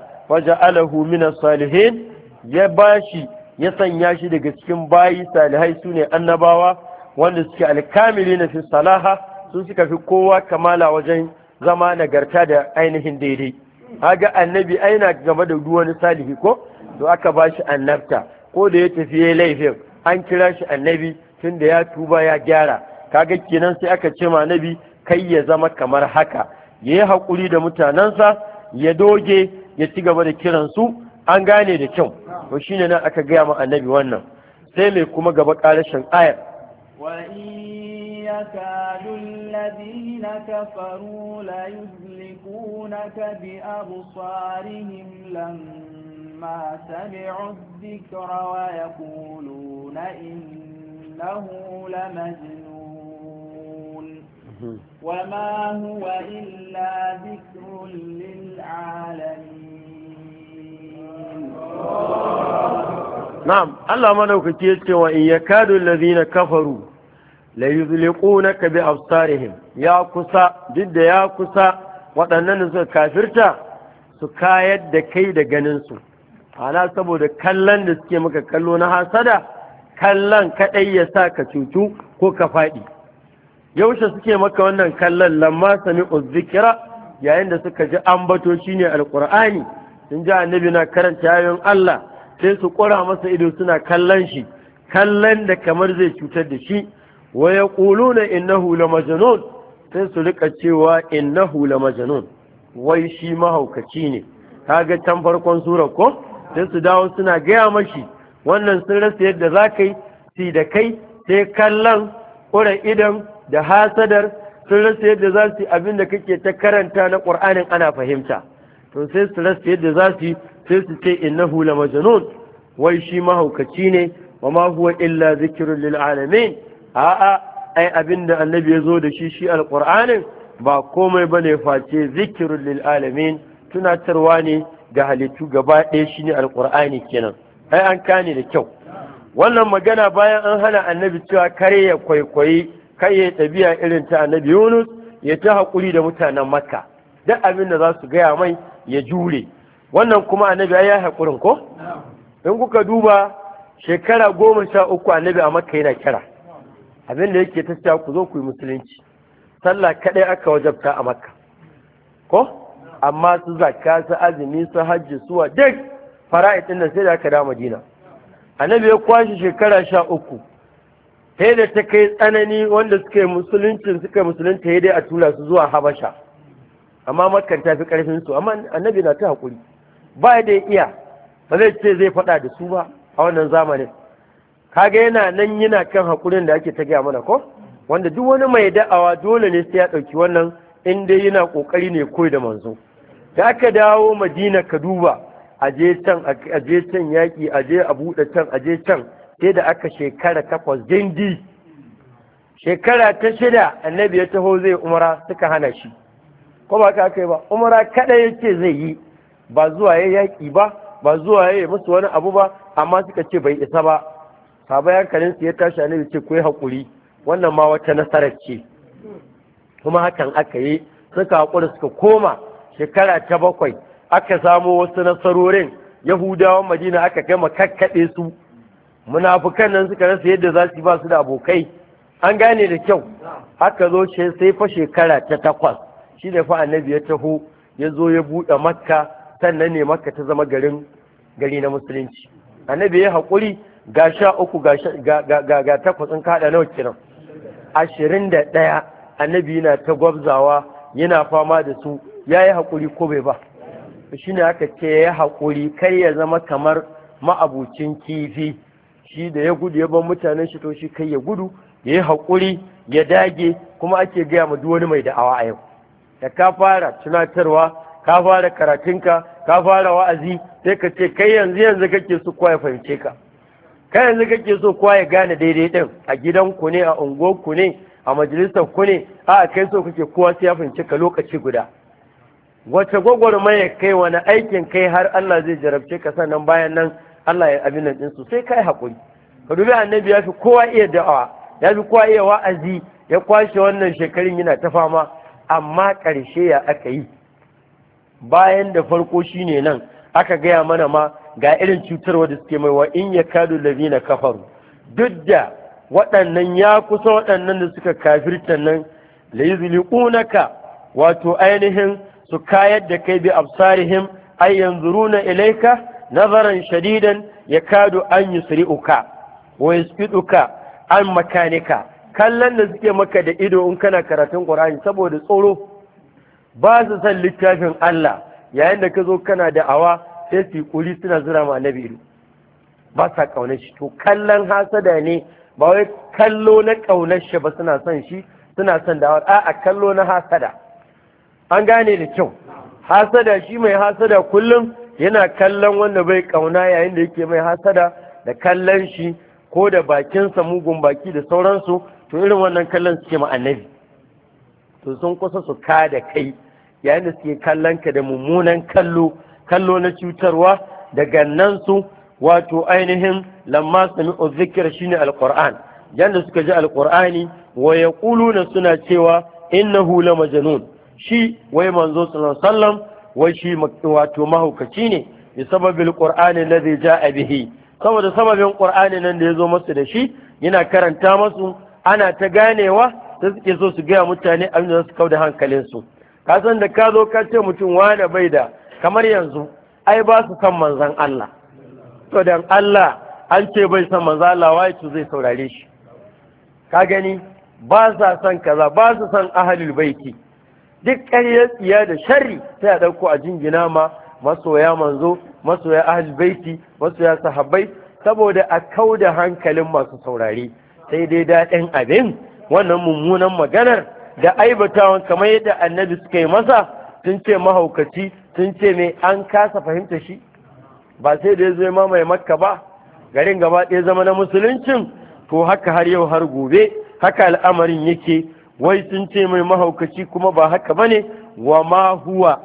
alahu min salihin ya bashi ya sanya shi daga cikin bayi salihai sune annabawa wanda suke alkamili na fi salaha sun suka fi kowa kamala wajen zama nagarta da ainihin daidai haga annabi aina game da wani salihi ko to aka ba shi annabta ko da ya tafi ya laifin an kira shi annabi tun da ya tuba ya gyara kaga kenan sai aka ce ma nabi kai ya zama kamar haka ya yi haƙuri da mutanensa ya doge ya ci gaba da kiransu an gane da kyau to shine nan aka gaya ma annabi wannan sai mai kuma gaba ƙarashin ayar الذين كفروا ليذلكونك بأبصارهم لما سمعوا الذكر ويقولون إنه لمجنون وما هو إلا ذكر للعالمين نعم الله ما لو كتير وإن يكاد الذين كفروا la yuzliqunaka bi absarihim ya kusa duk da ya kusa waɗannan suka kafirta su kayar da kai da ganin su ana saboda kallon da suke maka kallo na hasada kallon kaɗai ya sa ka cutu ko ka faɗi yaushe suke maka wannan kallon lamma sami uzzikira yayin da suka ji ambato shine alqur'ani sun ji annabi na karanta yayin Allah sai su ƙura masa ido suna kallon shi kallon da kamar zai cutar da shi wa yaquluna innahu majnun sai su rika cewa hula lamajnun wai shi mahaukaci ne kaga can farkon sura ko sai su dawo suna gaya mashi wannan sun rasa yadda za ka si da kai sai kallon ƙura idan da hasadar sun rasa yadda za su yi abin da kake ta karanta na ƙur'anin ana fahimta to sai su rasa yadda za su yi sai su ce innahu hula majnun wai shi mahaukaci ne wa ma huwa illa zikrun lil a'a ai abin da annabi ya zo da shi shi alkur'anin ba komai ba ne face zikirun lil tunatarwa ne ga halittu gaba ɗaya shi ne alƙur'ani kenan ai an kane da kyau wannan magana bayan an hana annabi cewa kare ya kwaikwayi kai ya ɗabi'a irin ta annabi yunus ya ta haƙuri da mutanen makka duk abin da za su gaya mai ya jure wannan kuma annabi ya haƙurin ko in kuka duba shekara goma sha uku annabi a makka yana kira abin da yake ta ku zo ku yi musulunci sallah kaɗai aka wajabta a makka ko amma su zakka su azumi su hajji suwa duk fara'id da sai da aka da madina annabi ya kwashe shekara sha uku sai da ta kai tsanani wanda suka yi musuluncin suka yi musulunta ya dai a tura su zuwa habasha amma makan ta fi karfin su amma annabi na ta hakuri ba da iya ba zai ce zai faɗa da su ba a wannan zamanin kaga yana nan yana kan hakurin da ake ta gaya mana ko wanda duk wani mai da'awa dole ne sai ya ɗauki wannan in dai yana ƙoƙari ne koyi da manzo da aka dawo madina ka duba a je can a je can yaƙi a je a buɗe can a je can sai da aka shekara takwas dindi shekara ta shida annabi ya taho zai umara suka hana shi ko ba ka kai ba umara kaɗai yace zai yi ba zuwa ya yaƙi ba ba zuwa ya musu wani abu ba amma suka ce bai isa ba sahaba yankalin su ya tashi annabi ce ku yi hakuri wannan ma wata nasarar ce kuma hakan aka yi suka hakuri suka koma shekara ta bakwai aka samo wasu nasarorin yahudawan madina aka kai makakkaɗe su munafukan nan suka rasa yadda za su ba su da abokai an gane da kyau aka zo sai fa shekara ta takwas shi ne fa annabi ya taho ya zo ya buɗe makka sannan ne makka ta zama garin gari na musulunci annabi ya haƙuri ga sha uku ga takwas in nawa kiran. ashirin da ɗaya annabi yana ta gwabzawa yana fama da su ya yi haƙuri ko bai ba shi ne aka ce ya haƙuri kar ya zama kamar ma'abucin kifi shi da ya gudu ya ban mutanen shi to shi kai ya gudu ya yi haƙuri ya dage kuma ake gaya ma duk wani mai da'awa a yau da ka fara tunatarwa ka fara karatunka ka fara wa'azi sai ka ce kai yanzu yanzu kake su kuwa ya fahimce ka kai yanzu kake so kowa ya gane daidai din a gidan ku ne a unguwar ku ne a majalisar ku ne a kai so kake kowa sai ya fahimci ka lokaci guda wace gwagwarmaya kai wani aikin kai har Allah zai jarabce ka sannan bayan nan Allah ya abin nan su sai kai hakuri ka dubi annabi ya fi kowa iya da'awa ya fi kowa iya wa'azi ya kwashe wannan shekarun yana ta fama amma ƙarshe ya aka yi bayan da farko shine nan aka gaya mana ma ga irin cutarwa da suke mai wa in ya kadu lazina kafaru duk da waɗannan ya kusa waɗannan da suka kafirta nan la ƙunaka wato ainihin su kayar da kai bi absarihim ay yanzuruna ilaika nazaran shadidan yakadu an yusri'uka wa yasfiduka an makanika kallon da suke maka da ido in kana karatun Qur'ani saboda tsoro ba su san littafin Allah yayin da ka zo kana da awa. sai su kuri suna zura ma annabi ido ba sa ƙaunar shi to kallon hasada ne ba wai kallo na ƙaunar shi ba suna son shi suna son dawar a'a kallo na hasada an gane da kyau hasada shi mai hasada kullum yana kallon wanda bai ƙauna yayin da yake mai hasada da kallon shi ko da bakinsa mugun baki da sauransu to irin wannan kallon suke ma annabi to sun kusa su ka da kai yayin da suke kallon ka da mummunan kallo kallo na cutarwa daga nan su wato ainihin lamma sami'u zikir shine alquran yanda suka ji alqur'ani wa yaquluna suna cewa innahu la majnun shi wai manzo sallallahu alaihi wai shi wato mahaukaci ne bi sababil qur'ani alladhi ja'a bihi saboda sababin qur'ani nan da yazo masu da shi yana karanta masu ana ta ganewa sai suke so su gaya mutane abin da su kauda hankalin su ka san da ka zo ka ce mutum wani bai da kamar yanzu ai ba su san manzan Allah to dan Allah an ce bai san manzan Allah wai to zai saurare shi ka gani ba sa san kaza ba su san ahlul baiti duk ƙarya tsiya da sharri sai a ɗauko a jingina ma masoya manzo masoya ahlul baiti masoya sahabbai saboda a kau da hankalin masu saurare sai dai daɗin abin wannan mummunan maganar da aibatawan kamar yadda annabi suka yi masa sun ce mahaukaci sun ce ne an kasa fahimta shi ba sai da ya zo mai makka ba garin gaba ɗaya zama na musuluncin to haka har yau har gobe haka al'amarin yake wai sun ce mai mahaukaci kuma ba haka ba ne? wa ma huwa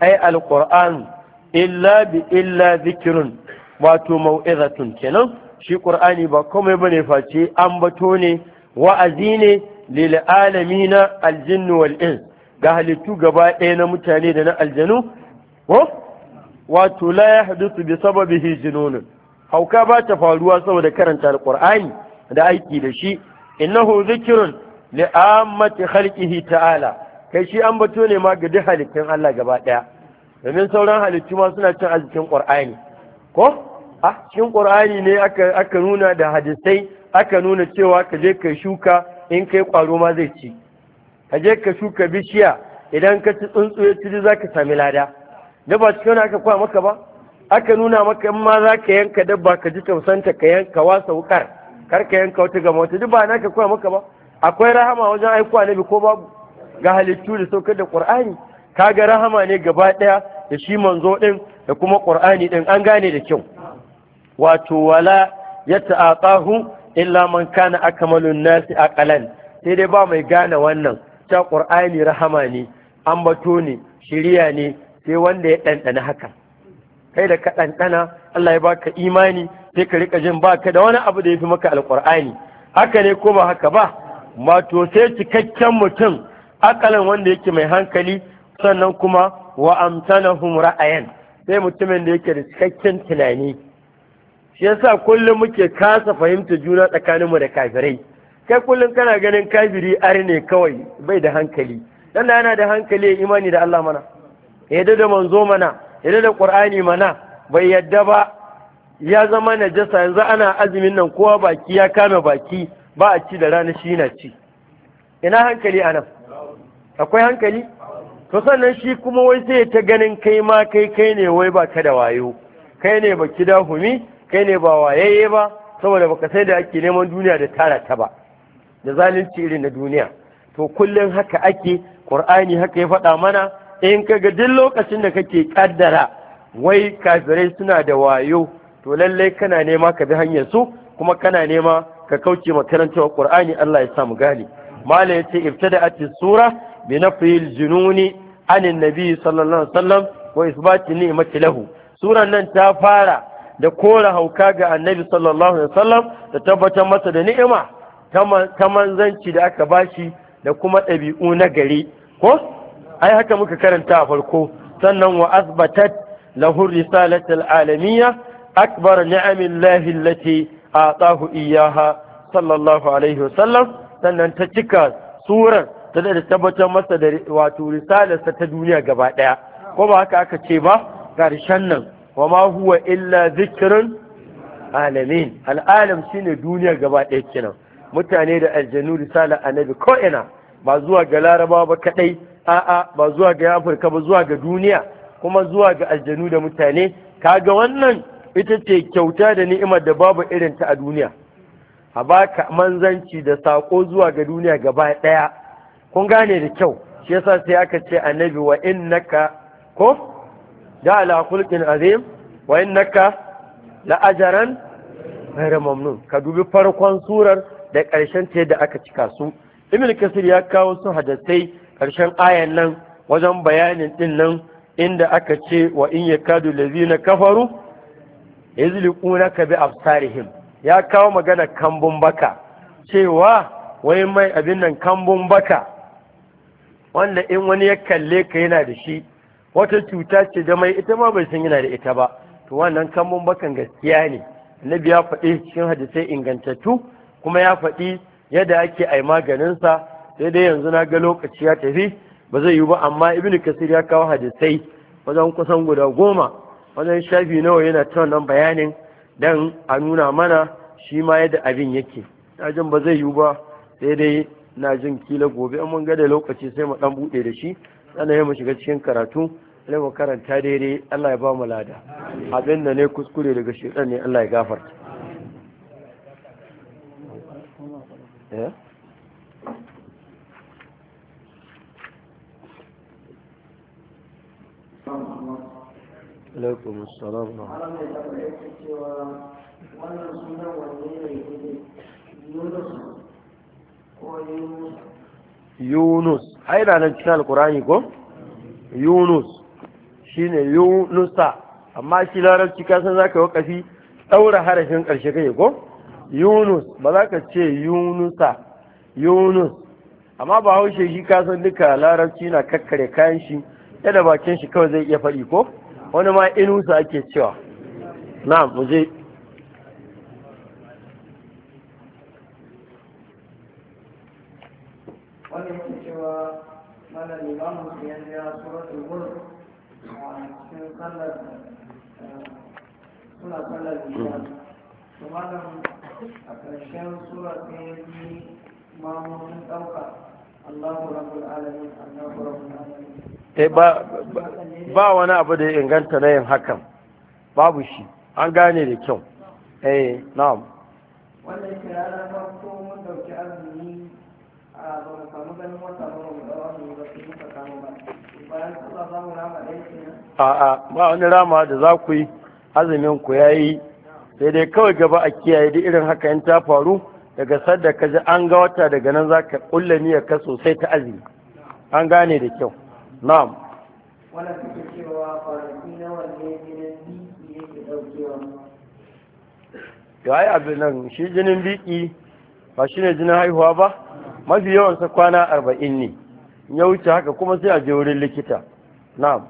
ai Alƙur'an illa bi illa zikirun wato mau'izatun kenan shi ƙur'ani ba komai ba ne face bato ne wa'azi ne lil'alamina aljinnu wal'in ga halittu gaba ɗaya na mutane da na aljanu ko wato la ya hadisu bi sababihi jununun hauka ba ta faruwa saboda karanta alqur'ani da aiki da shi innahu zikrun li ammati khalqihi ta'ala kai shi an bato ne ma ga duk halittun Allah gaba daya domin sauran halittu ma suna cin arzikin qur'ani ko a cikin qur'ani ne aka aka nuna da hadisai aka nuna cewa ka je ka shuka in kai kwaro ma zai ci ka je ka shuka bishiya idan ka ci tsuntsu ya ci zaka sami lada dabba cikin wani aka kwa maka ba aka nuna maka in ma za ka yanka dabba ka ji tausanta ka yanka wasa wukar kar ka yanka wata gama wata duk ba na ka kwa maka ba akwai rahama wajen aikuwa nabi ko babu ga halittu da saukar da qur'ani kaga rahama ne gaba ɗaya da shi manzo ɗin da kuma qur'ani ɗin an gane da kyau wato wala ya ta'aqahu illa man kana akmalun nasi aqalan sai dai ba mai gane wannan ta qur'ani rahama ne ambato ne shiriya ne sai wanda ya ɗanɗana haka, kai da ka ɗanɗana Allah ya baka imani sai ka rika jin baka da wani abu da ya fi maka alƙur'ani haka ne ko ba haka ba wato sai cikakken mutum akalin wanda yake mai hankali sannan kuma wa amtana ra'ayan sai mutumin da yake da cikakken tunani shi yasa kullum muke kasa fahimta juna tsakaninmu da kafirai kai kullum kana ganin kafiri ar ne kawai bai da hankali dan yana da hankali imani da Allah mana yadda da manzo mana yadda da ƙur'ani mana bai yadda ba ya zama najasa yanzu ana azumin nan kowa baki ya kame baki ba a ci da rana shi na ci ina hankali anan akwai hankali to sannan shi kuma wai sai ta ganin kai ma kai kai ne wai ba ka da wayo kai ne ba ki dahumi kai ne ba wayayye ba saboda baka sai da ake neman duniya da tara ta ba da zalunci irin na duniya to kullum haka ake ƙur'ani haka ya faɗa mana in ka ga duk lokacin da kake kaddara wai kafirai suna da wayo to lallai kana nema ka bi hanyar su kuma kana nema ka kauce ma makarantar qur'ani Allah ya sa mu gane mala yace ibtada'at sura bi nafyil jununi anin nabi sallallahu alaihi wasallam wa isbati ni'mati lahu suran nan ta fara da kora hauka ga annabi sallallahu alaihi wasallam da tabbatar masa da ni'ima ta manzanci da aka bashi da kuma ɗabi'u na gari ko ai haka muka karanta a farko sannan wa asbatat lahu risalata alamiyya akbar ni'amillahi allati atahu iyyaha sallallahu alaihi wasallam sannan ta cika surar ta da tabbatar masa da wato risalarsa ta duniya gaba daya ko ba haka aka ce ba karshen nan wa ma huwa illa zikrun alamin al'alam shine duniya gaba daya kenan mutane da aljanun risala annabi ko ina ba zuwa ga laraba ba kadai a'a ba zuwa ga afirka ba zuwa ga duniya kuma zuwa ga aljanu da mutane kaga wannan ita ce kyauta da ni'imar da babu irin ta a duniya a baka manzanci da sako zuwa ga duniya gaba ɗaya kun gane da kyau shi yasa sai aka ce annabi wa innaka ko da ala khulqin azim wa innaka la ajran ghayra mamnun ka dubi farkon surar da ƙarshen ta da aka cika su ibn kasir ya kawo su hadasai Karshen ayan nan wajen bayanin ɗin nan inda aka ce wa in ya kadu na kafaru na ka bi absarihim ya kawo magana kambun baka cewa wai mai abin nan kambun baka wanda in wani ya kalle ka yana da shi wata cuta ce da mai ita ma bai san yana da ita ba to wannan kambun bakan gaskiya ne annabi ya faɗi cikin hadisai ingantattu kuma ya faɗi yadda ake ai maganinsa sai dai yanzu na ga lokaci ya tafi ba zai yi ba amma ibnu kasir ya kawo hadisai wajen kusan guda goma wajen shafi nawa yana ta wannan bayanin dan a nuna mana shi ma yadda abin yake na jin ba zai yi ba sai dai na jin kila gobe an mun ga da lokaci sai mu dan bude da shi sannan mu shiga cikin karatu sai mu karanta daidai Allah ya ba mu lada abin da ne kuskure daga shedan ne Allah ya gafarta Yeah. alaikum assalam na wannan sunan wanne ne yunus ko yunus yunus ai na nan cikin alkurani ko yunus shine yunusa amma shi larabci ka san wakafi daura harafin karshe kai ko yunus ba za ka ce yunusa yunus amma ba haushe shi ka san duka larabci na kakkare kayan shi yadda bakin shi kawai zai iya faɗi ko wani ma inusa ake cewa na muje wani mutu cewa mana limamu su yanzu ya suratul mulk a cikin sallar eh, suna kallar isha to malam a ƙarshen sura sai yi mamun ɗauka Allahu rabbul alamin Allahu rabbul alamin Eh, ba wani abu da ya inganta na yin hakan babu shi an gane da kyau eh na'am wannan kira na ko mun dauki azumi a ba mu samu ganin wata ba mu da wani ba su muka samu ba bayan Allah za mu rama da yake a'a ba wani rama da za ku yi azumin ku yayi sai dai kawai gaba a kiyaye da irin haka in ta faru daga sadda ka ji an ga wata daga nan za ka kulle niyyar ka sosai ta azumi an gane da kyau na'am wala suke cewa kwanaki nawa ne jinin biki yake daukewa ya yi abin nan shi jinin biki ba shi ne jinin haihuwa ba mafi yawansa kwana arba'in ne ya wuce haka kuma sai a je wurin likita na'am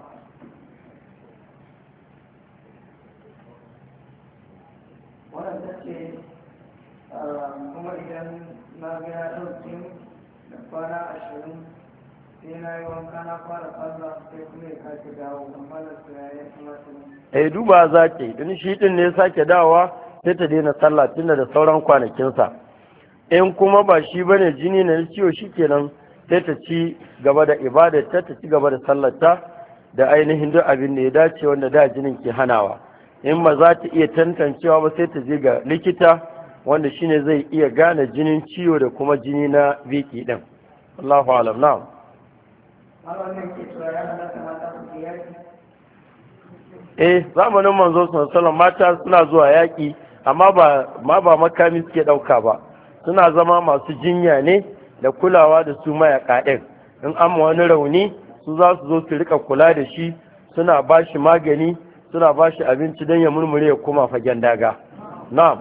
eh duba za ke shi din ne sake dawowa sai ta daina sallah tunda da sauran kwanakinsa in kuma ba shi bane jini na ciwo shi kenan sai ta ci gaba da ibadarta ta ci gaba da sallarta da ainihin duk abin da ya dace wanda da jinin ke hanawa in ba za ta iya tantancewa ba sai ta je ga likita wanda shine zai iya gane jinin ciwo da kuma jini na biki din Allahu alam na'am eh zamanin manzo sallallahu mata suna zuwa yaƙi amma ba ma ba makami suke ɗauka ba suna zama masu jinya ne da kulawa da su mayaka ɗin in an wani rauni su za su zo su riƙa kula da shi suna ba shi magani suna ba shi abinci don ya murmure ya koma fagen daga na'am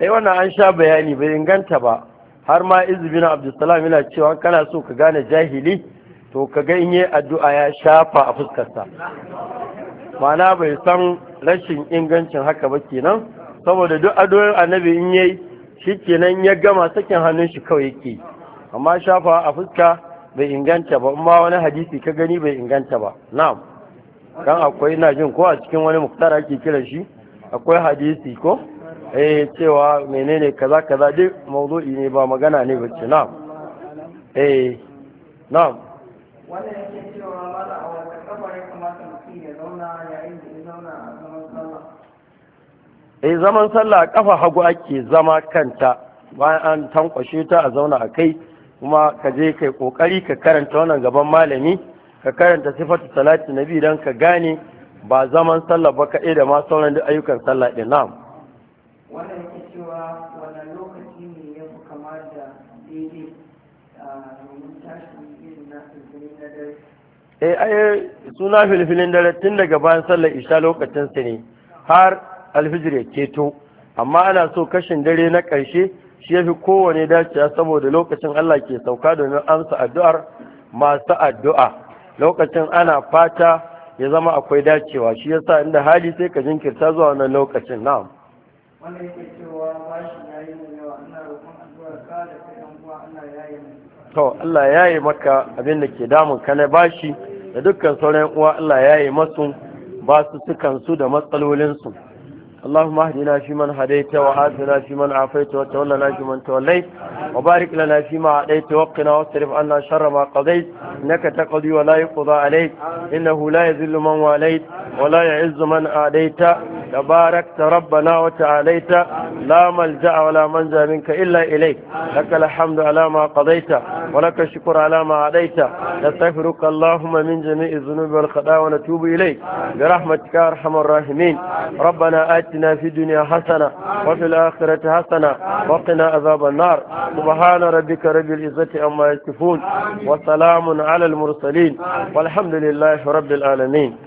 ai wannan an sha bayani bai inganta ba har ma izubin abdulsalam yana cewa kana so ka gane jahili to ka ga in yi addu'a ya shafa a fuskarsa mana bai san rashin ingancin haka ba kenan saboda duk addua annabi in yi, shi kenan ya gama sakin hannun shi kawai yake amma shafa a fuska bai inganta ba amma wani hadisi ka gani bai inganta ba na'am kan akwai na jin ko a cikin wani muktar ake kiran shi akwai hadisi ko eh cewa menene kaza kaza duk mawdu'i ne ba magana ne bace na'am eh na'am wannan yake cewa ba a wata kafa ya kamata mutum ya zauna yayin da ya zauna a zaman sallah eh zaman sallah kafa hagu ake zama kanta bayan an tankwashe ta a zauna a kai kuma ka je kai kokari ka karanta wannan gaban malami ka karanta sifatu salati nabi dan ka gane ba zaman sallah ba kaɗai da ma sauran duk ayyukan sallah din na'am wanda yake cewa wani lokaci ne ya fi kama da daidai domin tashi irin na filfilin na dare eh ai suna filfilin dare tun daga bayan sallar isha lokacin su ne har alfijir ya keto amma ana so kashin dare na ƙarshe shi ya fi kowane dacewa saboda lokacin Allah ke sauka domin amsa addu'ar masu addu'a lokacin ana fata ya zama akwai dacewa shi yasa inda hali sai ka jinkirta zuwa wannan lokacin na'am wanda yake cewa bashi ya yi mai yawa ina roƙon addu'ar ka da kai yan uwa Allah ya yi mai to Allah ya yi maka abin da ke damun ka na bashi da dukkan sauran uwa Allah ya yi masu ba su sukan su da matsalolin su اللهم اهدنا فيمن هديت وعافنا فيمن عافيت وتولنا فيمن توليت وبارك لنا فيما عليت وقنا واصرف عنا شر ما قضيت انك تقضي ولا يقضى عليك انه لا يذل من واليت ولا يعز من آديت تباركت ربنا وتعاليت لا ملجأ ولا منجا منك إلا إليك لك الحمد على ما قضيت ولك الشكر على ما عديت نستغفرك اللهم من جميع الذنوب والخطايا ونتوب إليك برحمتك أرحم الراحمين ربنا آتنا في الدنيا حسنة وفي الآخرة حسنة وقنا عذاب النار سبحان ربك رب العزة عما يصفون وسلام على المرسلين والحمد لله رب العالمين